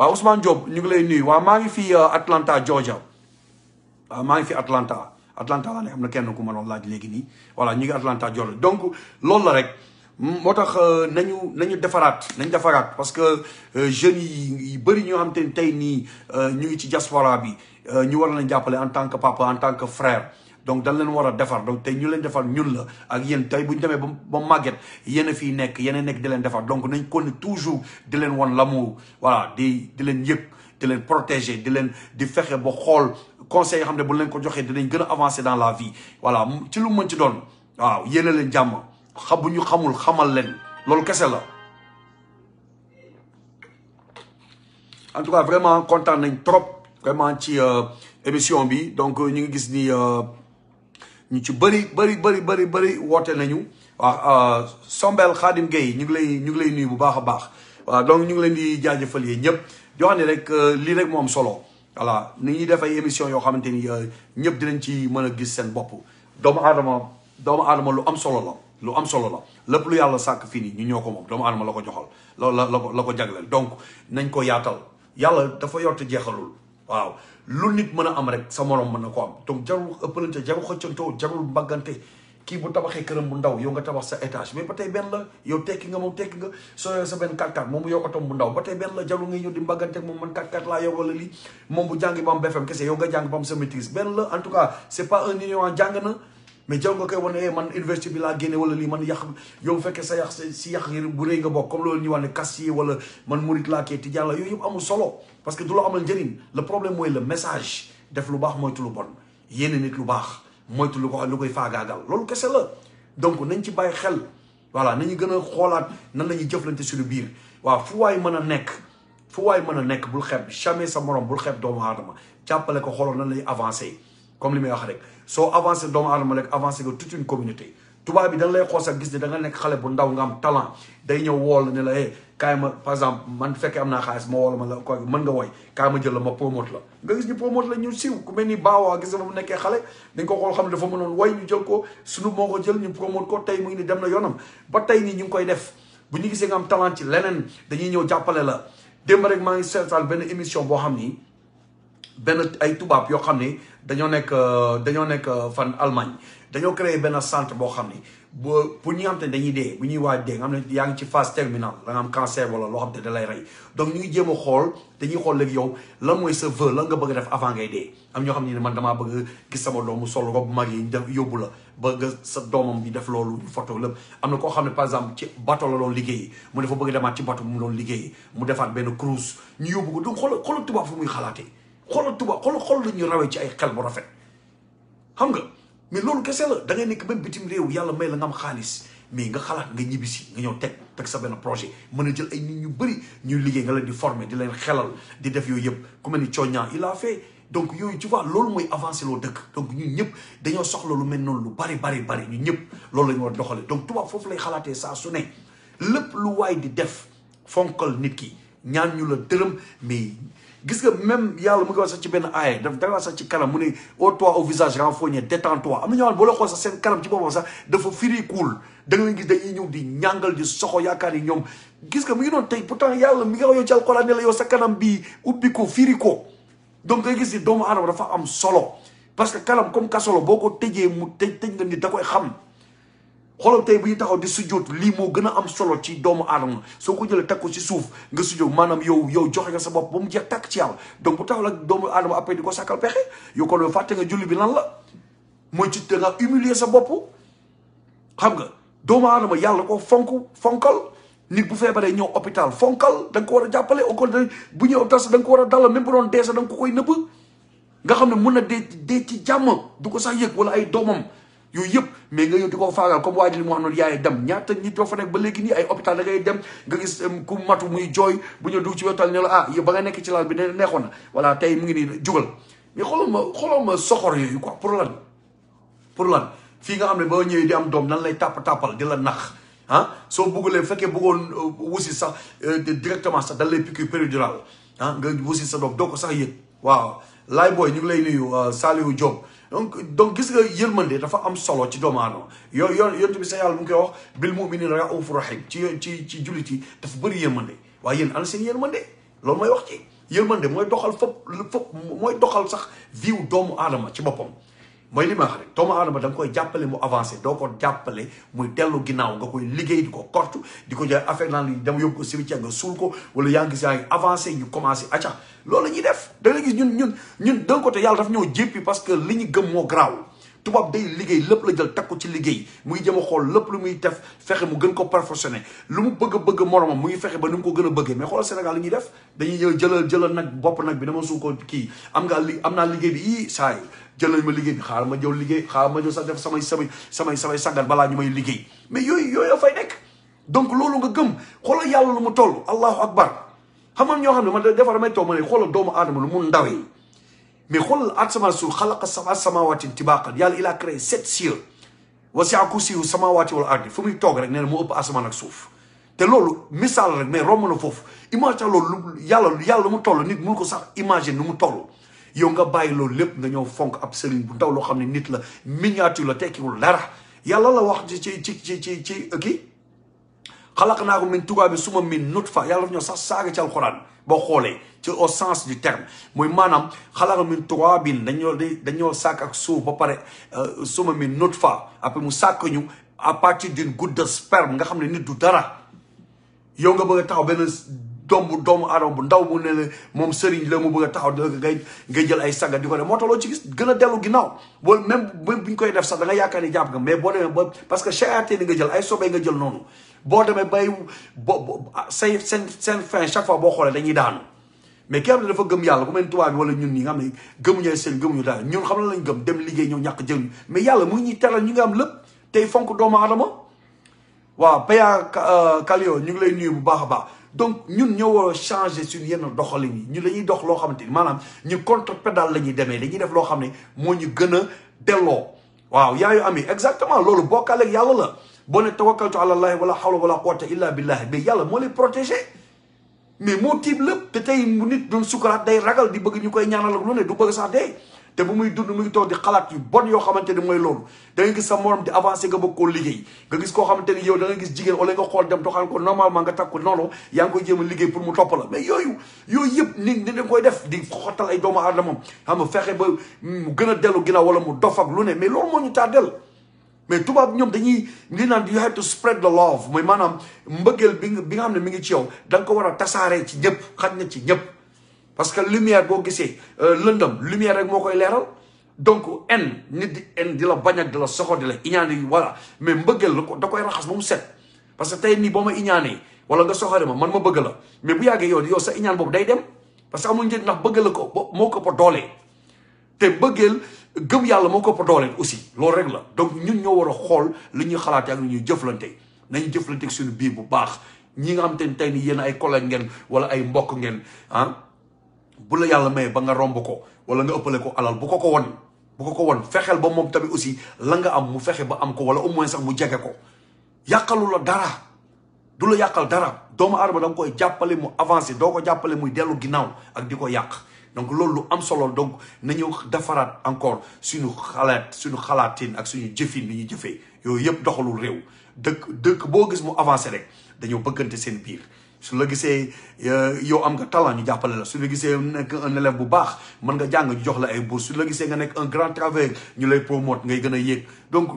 waaw Ousmane Diop ñu ngi lay nuyu waa maa ngi fi euh, Atlanta Georgia waaw maa ngi fi Atlanta Atlanta laa ne am na kenn ku man doon laaj léegi nii voilà ñu ngi Atlanta Georgia donc loolu la rek moo tax euh, nañu nañu defaraat nañ defaraat parce que euh, jeunes yi bëri ñoo xam te ni tey nii ñu ngi ci diaspora bi ñu war leen jàppale en tant que papa en tant que frère donc dañ leen war a defar donc te ñu leen defal ñun la ak yéen tey bu ñu demee ba màgget yéen a fii nekk yéen a nekk di leen defar donc nañ ko toujours di leen wan l'amour voilà di di leen yëg di leen protéger di leen di fexe ba xool conseil yoo xam ne bu leen ko joxee dinañ gën a avancer dans la vie voilà ci lu mën ci doon waaw yéene leen jàmm xam ñu xamul xamal leen loolu kese la en tout cas vraiment content nañ trop vraiment ci euh, émission bi donc euh, ñu ngi gis ni euh, ñu ci bëri bëri bëri bëri bëri woote nañu waaw euh, Sombel Khadim Gueye ñu ngi lay ñu ngi lay nuyu bu baax a baax donc ñu ngi leen di jaajëfal yéen ñëpp di rek euh, lii rek moom solo voilà ni ñuy def ay émission yoo xamante ni euh, ñëpp dinañ ci mën a gis seen bopp doomu aadama doomu aadama lu am solo la lu am solo la lépp lu yàlla sàkk fii nii ñu ñoo ko moom doomu aadama la ko joxal la la la ko la ko jagleel donc nañ ko yaatal yàlla dafa yorte jeexalul waaw lu nit mën a am rek sa morom mën na ko am donc jarul ëppalante jarul xëccantoo jarul mbaggante kii bu tabaxee këram bu ndaw yow nga tabax sa étage mais ba tey benn la yow tekki nga moom tekki nga soo yor sa benn 4x4 moom yow otom bu ndaw ba tey benn la jarul nga ñëw di mbaggante ak moom man 4x4 laa yor wala lii moom bu jàngi ba am BFM kese yow nga jàng ba sa maîtrise benn la en tout cas c'est pas un ignorant jàng na mais jaw nga koy wane eh, man université bi laa génne wala lii man yàq yow bu fekkee sa yàq si yàq bu rëy nga bokk comme loolu ñuy wax ne casier wala man murit laa kee tijaan la yooyu solo parce que du la amal njëriñ le problème mooy le message def lu baax moytu lu bon yéene nit lu baax moytu lu ko lu koy faagaagal loolu kese la donc nañ ci bàyyi xel voilà nañu gën a xoolaat nan la ñuy jëflante suñu biir waaw fu waay mën a nekk fu waay mën a nekk bul xeeb jamais sa morom bul xeeb doomu aadama jàppale ko xoolal nan lay avancer comme li may wax rek soo avancé doomu aadama rek avancé nga toute une communauté tubaab bi dañ lay xoos ak gis ne da nga nekk xale bu ndaw nga am talent day ñëw wool ne la eh kaay ma par exemple man fekkee am naa xaalis ma woola ma la ko mën nga woy kaay ma jël la ma promote la nga gis ñu promote la ñu siiw ku mel ni baawaa gis nga mu nekkee xale dañ ko xool xam ne dafa mënoon woy ñu jël ko sunu moo ko jël ñu promote ko tey mu ngi ni dem na nii ñu ngi koy def bu ñu gisee am talent ci leneen dañuy ñëw jàppale la démb rek maa ngi seetaan benn émission boo xam ni benn ay tubaab yoo xam ni dañoo nekk dañoo nekk fan Allemagne dañoo créé benn centre boo xam ni boo pour ñi nga xam te dee bu ñuy waaj dee nga xam ne yaa ngi ci phase terminale da nga am cancer wala loo xam te da lay rey donc ñu ngi jéem a xool dañuy xool léegi yow lan mooy sa vœu lan nga bëgg a def avant ngay dee am ñoo xam ne man damaa bëgg gis sama doomu sol robe mag yi def yóbbu la ba nga sa doomam bi def loolu photo lépp am na koo xam ne par exemple ci bateau la doon liggéeyi mu bëgg demaat ci bateau mu doon liggéeyi mu defaat benn cruise ñu yóbbu ko du xool xoolal tubaab fu muy xalaatee xoolal tuba xool xol la ñu rawee ci ay xel bu rafet xam nga mais loolu kessé la da ngay nek benn bitim réew yalla may la nga am xaalis mais nga xalaat nga ñibisi nga ñëw tek tek sa ben projet mëna jël ay nit ñu bëri ñu liggé nga leen di former di leen xelal di def yoy yëpp ku melni ni il a fait donc yoy tu vois loolu moy avancer lo dëkk donc ñun ñëpp dañoo soxla lu mel non lu bari bari bari ñun ñëpp loolu lañu war doxale donc tuba fofu lay xalaatee sa su ne lepp lu way di def fonkol nit ki ñaan ñu la deureum mais gis nga même yàlla mu ngi wax ci benn aaya daf dara sax ci kanam mu ne ô toi au visage renfrogné détends am na ñoo xam ne boo la xool sax seen kanam ci boppam sax dafa firikuul da nga leen gis dañuy ñëw di ñàngal di soxo yaakaar ni ñoom gis nga mu ngi doon tey pourtant yàlla mi nga wax yow ci alxuraan ne la yow sa kanam bi ubbi ko firi ko donc nga gis ni doomu aadama dafa am solo parce que kanam comme solo boo ko tëjee mu tëj tëj nga nit da koy xam xolam tay ñu taxaw di sujud li mo gëna am solo ci doomu adam so ko jël takko ci suuf nga sujud manam yow yow joxe nga sa bop bu mu tak ci yalla donc bu taxaw la doomu adam après diko sakal pexé yu ko lo faté nga julli bi lan la moy ci te nga humilier sa bop xam nga doomu adam yalla ko fonku fonkal nit bu febaré ñew hôpital fonkal dang ko wara jappalé o ko bu ñew tass dang ko wara dal même bu don dé dang ko koy neub nga xamne mëna dé ci jamm du ko sax yek wala ay domam yooyu yëpp mais nga yow di ko faagal comme waa ji noonu yaay dem ñaata nit doo fa nekk ba léegi nii ay hôpital da ngay dem nga gis ku matu muy jooy bu ñu dugg ci wetal ne la ah yow nekk ci laal bi ne neexoon na voilà tey mu ngi nii jugal mais xoolal ma xoolal ma soxor yooyu ko pour lan pour lan fii nga xam ne boo ñëwee di am doom nan lay tàpp tàppal di la nax ah soo bëggulee fekkee bëggoon euh, wusi sax euh, directement sax dan lay piqûre péridurale ah nga wusi sa doom doo ko sax yëg waaw laay booy ñu ngi lay nuyu euh, Saliou Diop donc donc gis nga yërmande dafa am solo ci doomu aadama yoo yoo yonent bi sa yàlla mu ngi koy wax bil mu'minina ra'ufur rahim ci ci ci jullit yi dafa bëri yërmande waaye yéen ana seen yërmande loolu may wax ci yërmande mooy doxal fop fop mooy doxal sax viw doomu aadama ci boppam mooy li ma wax rek doomu aadama da nga koy jàppale mu avancé doo ko jàppale muy dellu ginnaaw nga koy liggéey di ko kortu di ko jaay affaire naan yi dama yóbbu ko cimetière nga suul ko wala yaa ngi gis ñu commencé acca loolu la ñuy def da nga ñun ñun ñun d'un côté yàlla daf ñoo jéppi parce que li ñu gëm moo garaaw tubaab day liggéey lépp la jël teg ko ci liggéey mu jëm a xool lépp lu def fexe mu gën ko perfectionné lu mu bëgg bëgg moromam mu fexe ba ni ko gën a bëggee mais Sénégal li ñuy def dañuy jëlal jëlal nag bopp nag bi dama suul kii am nga li am naa liggéey bi ii saa yi jël nañ ma liggéey bi xaaral ma jëw liggéey xaaral ma jëw sax def samay samay samay samay sàggan balaa ñu may liggéey mais yooyu yooyu fay nekk donc loolu nga gëm xoolal yàlla lu mu toll allahu akbar xam nga ñoo xam ne man dafa damay toog ma ne xoolal doomu aadama lu mu ndawee mais xoolal asamaan suuf xalaqa sab'a samawaatin tibaaqan yàlla il a créé sept cieux wasi'a kursiyyu samaawaati wal ardi fu muy toog rek nee na mu ëpp asamaan ak suuf te loolu misaal rek mais romb na foofu image tax loolu yàlla yàlla lu mu toll nit mun ko sax imagine nu mu toll yow nga bàyyi loolu lépp nga ñëw fonk ab sëriñ bu ndaw loo xam ne nit la miniature la tekki tekkiwul dara yàlla la wax ci ci ci ci ci euh, kii xalaq naa ko min tugaabi suma min fa yàlla daf ñoo sax saaga ci boo xoolee ci au sens du terme mooy maanaam xalaqa min turaabin dañoo dañoo sàkk ak suuf ba pare euh, suma min nutfa après mu sàkk ñu à partir d'une goutte de sperme nga xam ne nit du dara yow nga bëgg taxaw benn domb doomu aadama bu ndaw mu ne la moom sëriñ la mu bëgg a taxaw ngay ngay jël ay saga di ko def ci gis gën a dellu ginnaaw wala même koy def sax da nga yaakaar ni jàpp nga mais boo demee ba parce que chaat ni nga jël ay sobee nga jël noonu boo demee bay bo ah, say fin chaque boo xoolee dañuy daanu mais ki xam ne dafa gëm yàlla ku wala ñun ñi nga xam ne gëmuñu ay sëriñ gëmuñu daal xam la lañ gëm dem liggéey ñëw ñàkk jël mais yàlla mu teral ñu ngi tey fonk doomu aadama waaw paya euh, kalio ñu ngi lay nuyu bu baax a baax donc ñun ñoo wara changer suñu yenn doxalin yi ñu lañuy dox loo xamante ni maanaam ñu contre pédale lañuy ñuy demee dañuy def loo xam ne moo ñu gën a delloo waaw yaayu ami exactement loolu bokkal ak yàlla la boo ne tawakkaltu ala allahi wala hawla wala quwwata illa billahi mais yàlla moo lay protéger mais moo tiim lépp te tey bu nit doon sukuraat day ragal di bëgg ñu koy ñaanal ak lu ne du bëgg sax dee te bu muy dund mu ngi toog di xalaat yu bon yoo xamante ni mooy loolu da nga gis sa morom di avancé nga bëgg koo liggéey nga gis koo xamante ni yow da gis jigéen wala nga xool dem doxaan ko normalement nga takk ko noonu yaa ngi koy jéem a liggéey pour mu topp la mais yooyu yooyu yëpp nit ñi dañ def di xoxatal ay doomu aadamam xam nga ba mu gën a dellu ginnaaw wala mu dof ak lu ne mais loolu ñu tardel mais tubaab ñoom dañuy li naan you have to spread mooy maanaam mbëggeel bi nga bi nga xam ne mi ngi ci yow da nga ko war a tasaaree ci ñëpp xaj na ci ñëpp parce que lumière boo gisee euh, lëndëm lumière rek mokoy léral donc en nit di en di la bañ ak di la soxo di la iñaane wala mais mbeugël la da koy raxas ba set parce que tay ni boma ma wala nga soxare ma man ma bëgg la mais bu yàggee yow yow sa iñaan boobu day dem parce que amul njëriñ nak bëgg la ko moo ko pa doolee te gëm yalla moko po dolé aussi loolu rek la donc ñun ñoo wara xol li ñuy xalaat ak li ñuy jëflante nañu jëflante suñu bi bu baax ñi nga am tane ni tey ni yéen ay collègue ngeen wala ay mbokk ngeen ah bu la yàlla maye ba nga romb ko wala nga ëppale ko alal bu ko ko won bu ko ko won fexeel ba moom tamit aussi la nga am mu fexe ba am ko wala au moins sax mu jege ko yàqalu la dara du la yàqal dara doomu aadama ba nga koy jàppale mu avancer doo ko jàppale muy dellu ginnaaw ak di ko yàq donc loolu lu am solo donc ñëw defaraat encore suñu xalaat suñu xalaatin ak suñu jëfin ni ñu jëfee yooyu yëpp doxalul réew dëkk dëkk boo gis mu avancé rek dañoo bëggante seen biir su la gisee yow am nga talent ñu jàppale la su la gisee nekk un élève bu baax mën nga jàng jox la ay bourse su la gisee nga nekk un grand travailleur ñu lay promote ngay gën a yéeg donc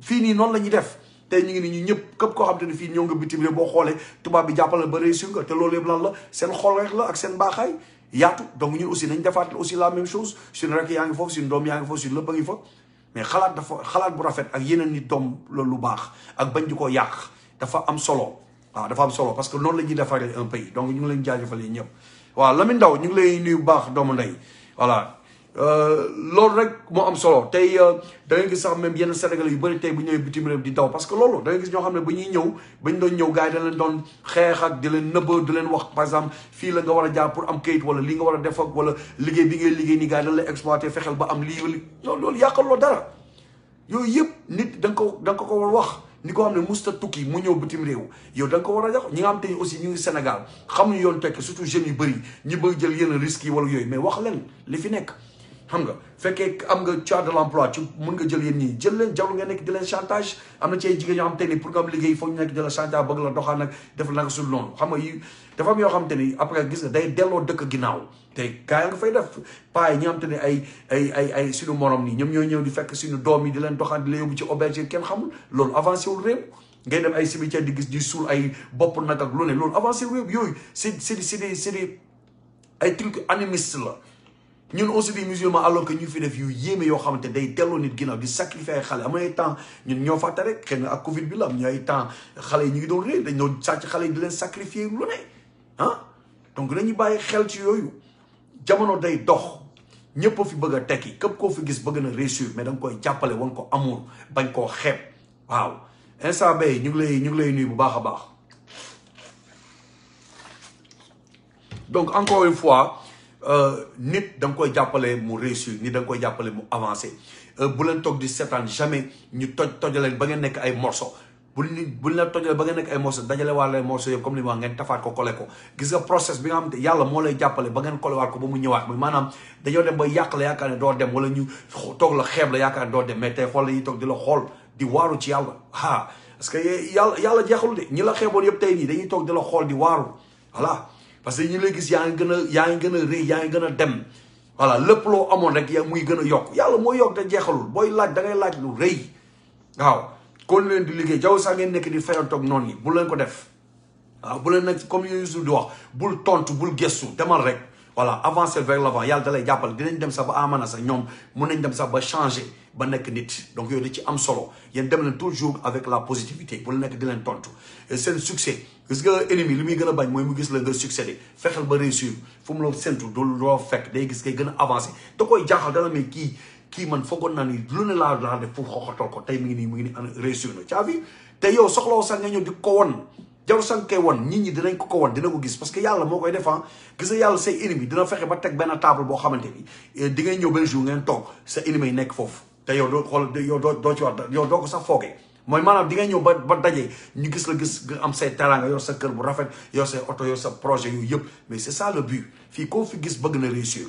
fii nii noonu la ñuy def te ñu ngi ni ñu ñëpp képp ko xam te ne fii ñëw nga bitim réew boo xoolee tubaab bi jàppale ba réussir nga te loolu yëpp lan la seen xol rek la ak seen baaxaay yaatu donc ñun aussi nañ defaat aussi la même chose suñu rek yaa ngi foofu suñu doom yaa ngi foofu suñu a ngi fa mais dafa xalaat rafet ak yeneen nit doom loolu lu baax ak bañ di ko yàq dafa am solo waaw ah, dafa am solo parce que noonu la ñuy defaree un pays donc ñu ngi leen jaajëfal yi ñëpp waaw Lamine Ndao ñu ngi lay nuyu bu baax doomu ndey voilà euh, loolu rek moo am solo tey euh, da ngay gis sax même yenn Sénégalais yu bëri tey bu ñëwee bitim réew di daw parce que loolu da gis ñoo xam ne bu ñuy ñëw bañ doon ñëw gars yi doon xeex ak di leen nëbb di leen wax par exemple fii la nga war a jaar pour am kayit wala li nga war a def ak wala liggéey bi ngay liggéey nii gars yi dañ la exploité fexeel ba am lii loolu yàqal loo dara yooyu yëpp nit da nga ko da ko ko wax ni ko xam ne musta tukki mu ñëw bitim réew yow da nga ko war a jox ñi nga xam te ni aussi ñu ngi Sénégal xamuñu yoon tekk surtout jeunes bëri ñi bëgg jël yenn risques yi wala yooyu mais wax leen li fi nekk xam nga fekkee am nga choix de l'emploi ci mun nga jël yéen nii jël leen jarul nga nekk di leen chantage am na ci ay jigéen yoo xam te ni pour nga am liggéey foog ñu nekk di la chantage bëgg la doxaan nag def naka sul am yoo xam ni après gis nga day delloo dëkk ginnaaw te gaa yi nga fay def paay ñi xam te ni ay ay ay ay suñu morom nii ñoom ñooy ñëw di fekk suñu doom yi di leen doxaan di ci auberge kenn xamul loolu avancé ngay dem ay cimetière di gis di suul ay bopp nag ak ne loolu avancé wul réew yooyu c'est c'est c'est des ay truc animiste la ñun aussi des musulmans alors que ñu fi def yu yéme yo xamanté day nit di sacrifier xalé temps ñun à Covid bi la am temps xalé ngi doon dañ doon di sacrifier lu ah? donc nous xel ci yoyu jamono day dox ñepp fi bëgg tekki fi gis bëgg na réussir mais koy nous won ko amour bañ les, xép waaw bay ñu ngi lay ñu donc encore une fois. Euh, nit dang koy jappalé mu réussir nit dang koy jappalé mu avancer euh bu len tok di sétane jamais ñu toj tojaleen ba nga nek ay morceau bu ñu bu ñu la tojalee ba nga nek ay morceau dajale waale ay morceaux yëpp comme li ma wax ngeen tafaat ko kole ko gis nga process bi nga xam te yàlla moo lay jappalé ba ngeen kolewaat ko bu mu ñëwaat muy manam dañu dem ba yàq la yaakaar ne doo dem wala ñu tok la xeeb la yaakaar ne dem mais tey xool la ñuy di la xol di waru ci yalla ha ah, parce que yalla yalla jeexul de ñi la xeeboon yëpp tay ni dañuy tok di la xol di waru voilà parce que ñu lay gis yaa ngi gën a yaa ngi gën a rëy yaa ngi gën a dem voilà lépp loo amoon rek yaa muy gën a yokk yàlla mooy yokk te jeexalul booy laaj da laaj lu rëy waaw kon leen di liggéey jaww saa ngeen nekk di fayantoog noon yi bu leen ko def waaw bu leen nag comme yooyu di wax bul tontu bul gestu demal rek voilà avancer vers l'avant yalla dalay jappal jàppal dinañ dem sa ba amana sa ñom mun nañ dem sa ba changer ba nek nit donc yo da ci am solo yéen dem len toujours avec la positivité pour nek nekk di leen tontu seen succès gis nga ennemi li muy gën bañ moy mu gis la nga succédé fexal ba réussir fum lo sentu do du fek day gis kay gëna avancer avancé da koy jaaxal dana mais kii kii man fogon na ni lu ne la laa def fu xoxatal ko tay mi ngi nii mu ngi nii réussir na caa bi te yo soxlo sax nga ñu di ko won jaru sang koy won nit ñi dinañ ko ko won dina ko gis parce que yàlla moo koy defaa ah. gis nga yàlla say ennemi dina fexe ba teg benn table boo xamante ni eh, di ngay ñëw benn jour ngeen toog sa ennemi yi nekk foofu te yow doo yow doo doo ci wax yow doo ko sax foogee mooy maanaam di ngay ñëw ba ba dajee ñu gis la gis nga am say teraanga yor sa kër bu rafet yor sa oto yor sa projet yooyu yëpp mais c'est ça le but fii koo fi gis bëgg na réussir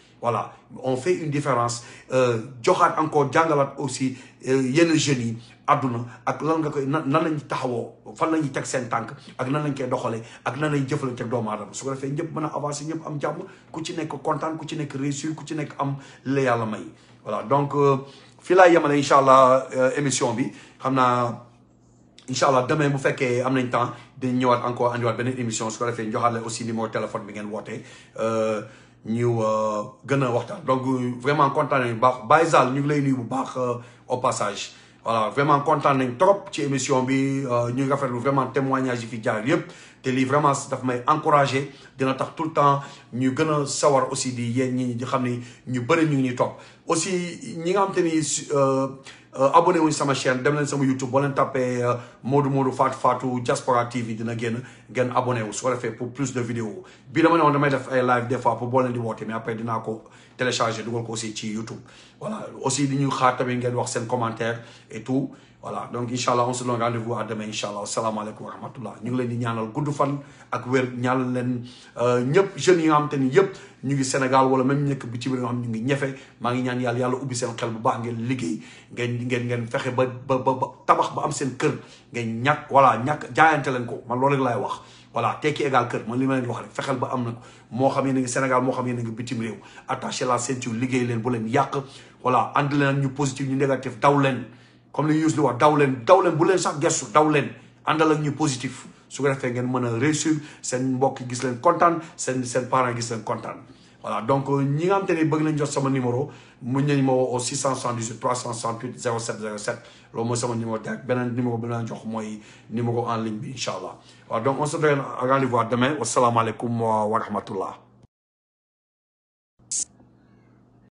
voilà on fait une différence euh, joxaat encore jàngalaat aussi euh, yenn jeunes yi àdduna ak lan nga koy nan nan lañ taxawoo fan lañuy teg sen tank, ak nan lañ koy doxale, ak nan lañ jëflante ak doom adam. su ko defee ñepp mëna avancer ñepp am jamm, ku ci nekk kontaan ku ci nekk réussir ku ci nekk am le Yalla may voilà donc euh, fi la yamale inshallah allah émission bi xamna inshallah demain bu féké am nañ temps de ñëwaat encore andiwaat benen émission su ko defee ñu joxaat la aussi numéro téléphone bi ngeen woté. Euh ñu euh, gën a waxtaan donc vraiment kontaan nañu bu baax Baye Zal ñu lay nuyu bu baax euh, au passage voilà vraiment kontaan nañ trop ci émission bi euh, ñu rafetlu vraiment témoignage yi fi jaar yëpp te lii vraiment daf may encouragé dina tax tout le temps ñu gën a sawar aussi di yéen ñi di xam ni ñu bëri ñu ngi ñuy topp aussi ñi nga xam te ni Euh, abonné wuñ sama chaîne dem leen sama YouTube boo leen tapé euh, Modou faat Fatou Fatou Diaspora TV dina génn ngeen abonné wu su ko defee pour plus de vidéos bii dama ne woon damay def ay live des fois pour boo leen di woote mais après dinaa ko télécharger dugal ko aussi ci YouTube voilà aussi di ñu xaar tamit ngeen wax seen commentaire et tout voilà donc incha allah on se donne rendez-vous à demain incha allah salaamaaleykum ñu ngi leen di ñaanal gudd fan ak wér ñaanal leen euh, ñëpp jeunes yi nga xam te ni yëpp ñu ngi Sénégal wala même nekk bi ci biir nga ngi ñefe maa ngi ñaan yàlla yàlla ubbi seen xel bu baax ngeen liggéey ngeen ngeen ngeen fexe ba ba ba ba am seen kër ngeen ñàkk voilà ñàkk jaayante leen ko man loolu rek laay wax voilà tekki égal kër man ma wax rek fexeel ba am na moo xam yéen a ngi moo xam yéen a ngi bitim réew attaché la ceinture liggéey leen bu leen yàq voilà ànd leen ñu positif ñu négatif daw leen comme li us li wax daw leen daw leen bu leen sax gestu daw leen àndal ak ñu positif su ko defee ngeen mën a réussir seen mbokk gis leen kontaan seen seen parents gis leen kontaan voilà donc ñi nga xam te ne bëgg nañ jot sama numéro mun nañ ma woo au 678 368 07 07 loolu mooy sama numéro direct beneen numéro bi ma jox mooy numéro en ligne bi incha allah waaw donc on se donne rendez-vous demain wasalaamaaleykum wa rahmatullah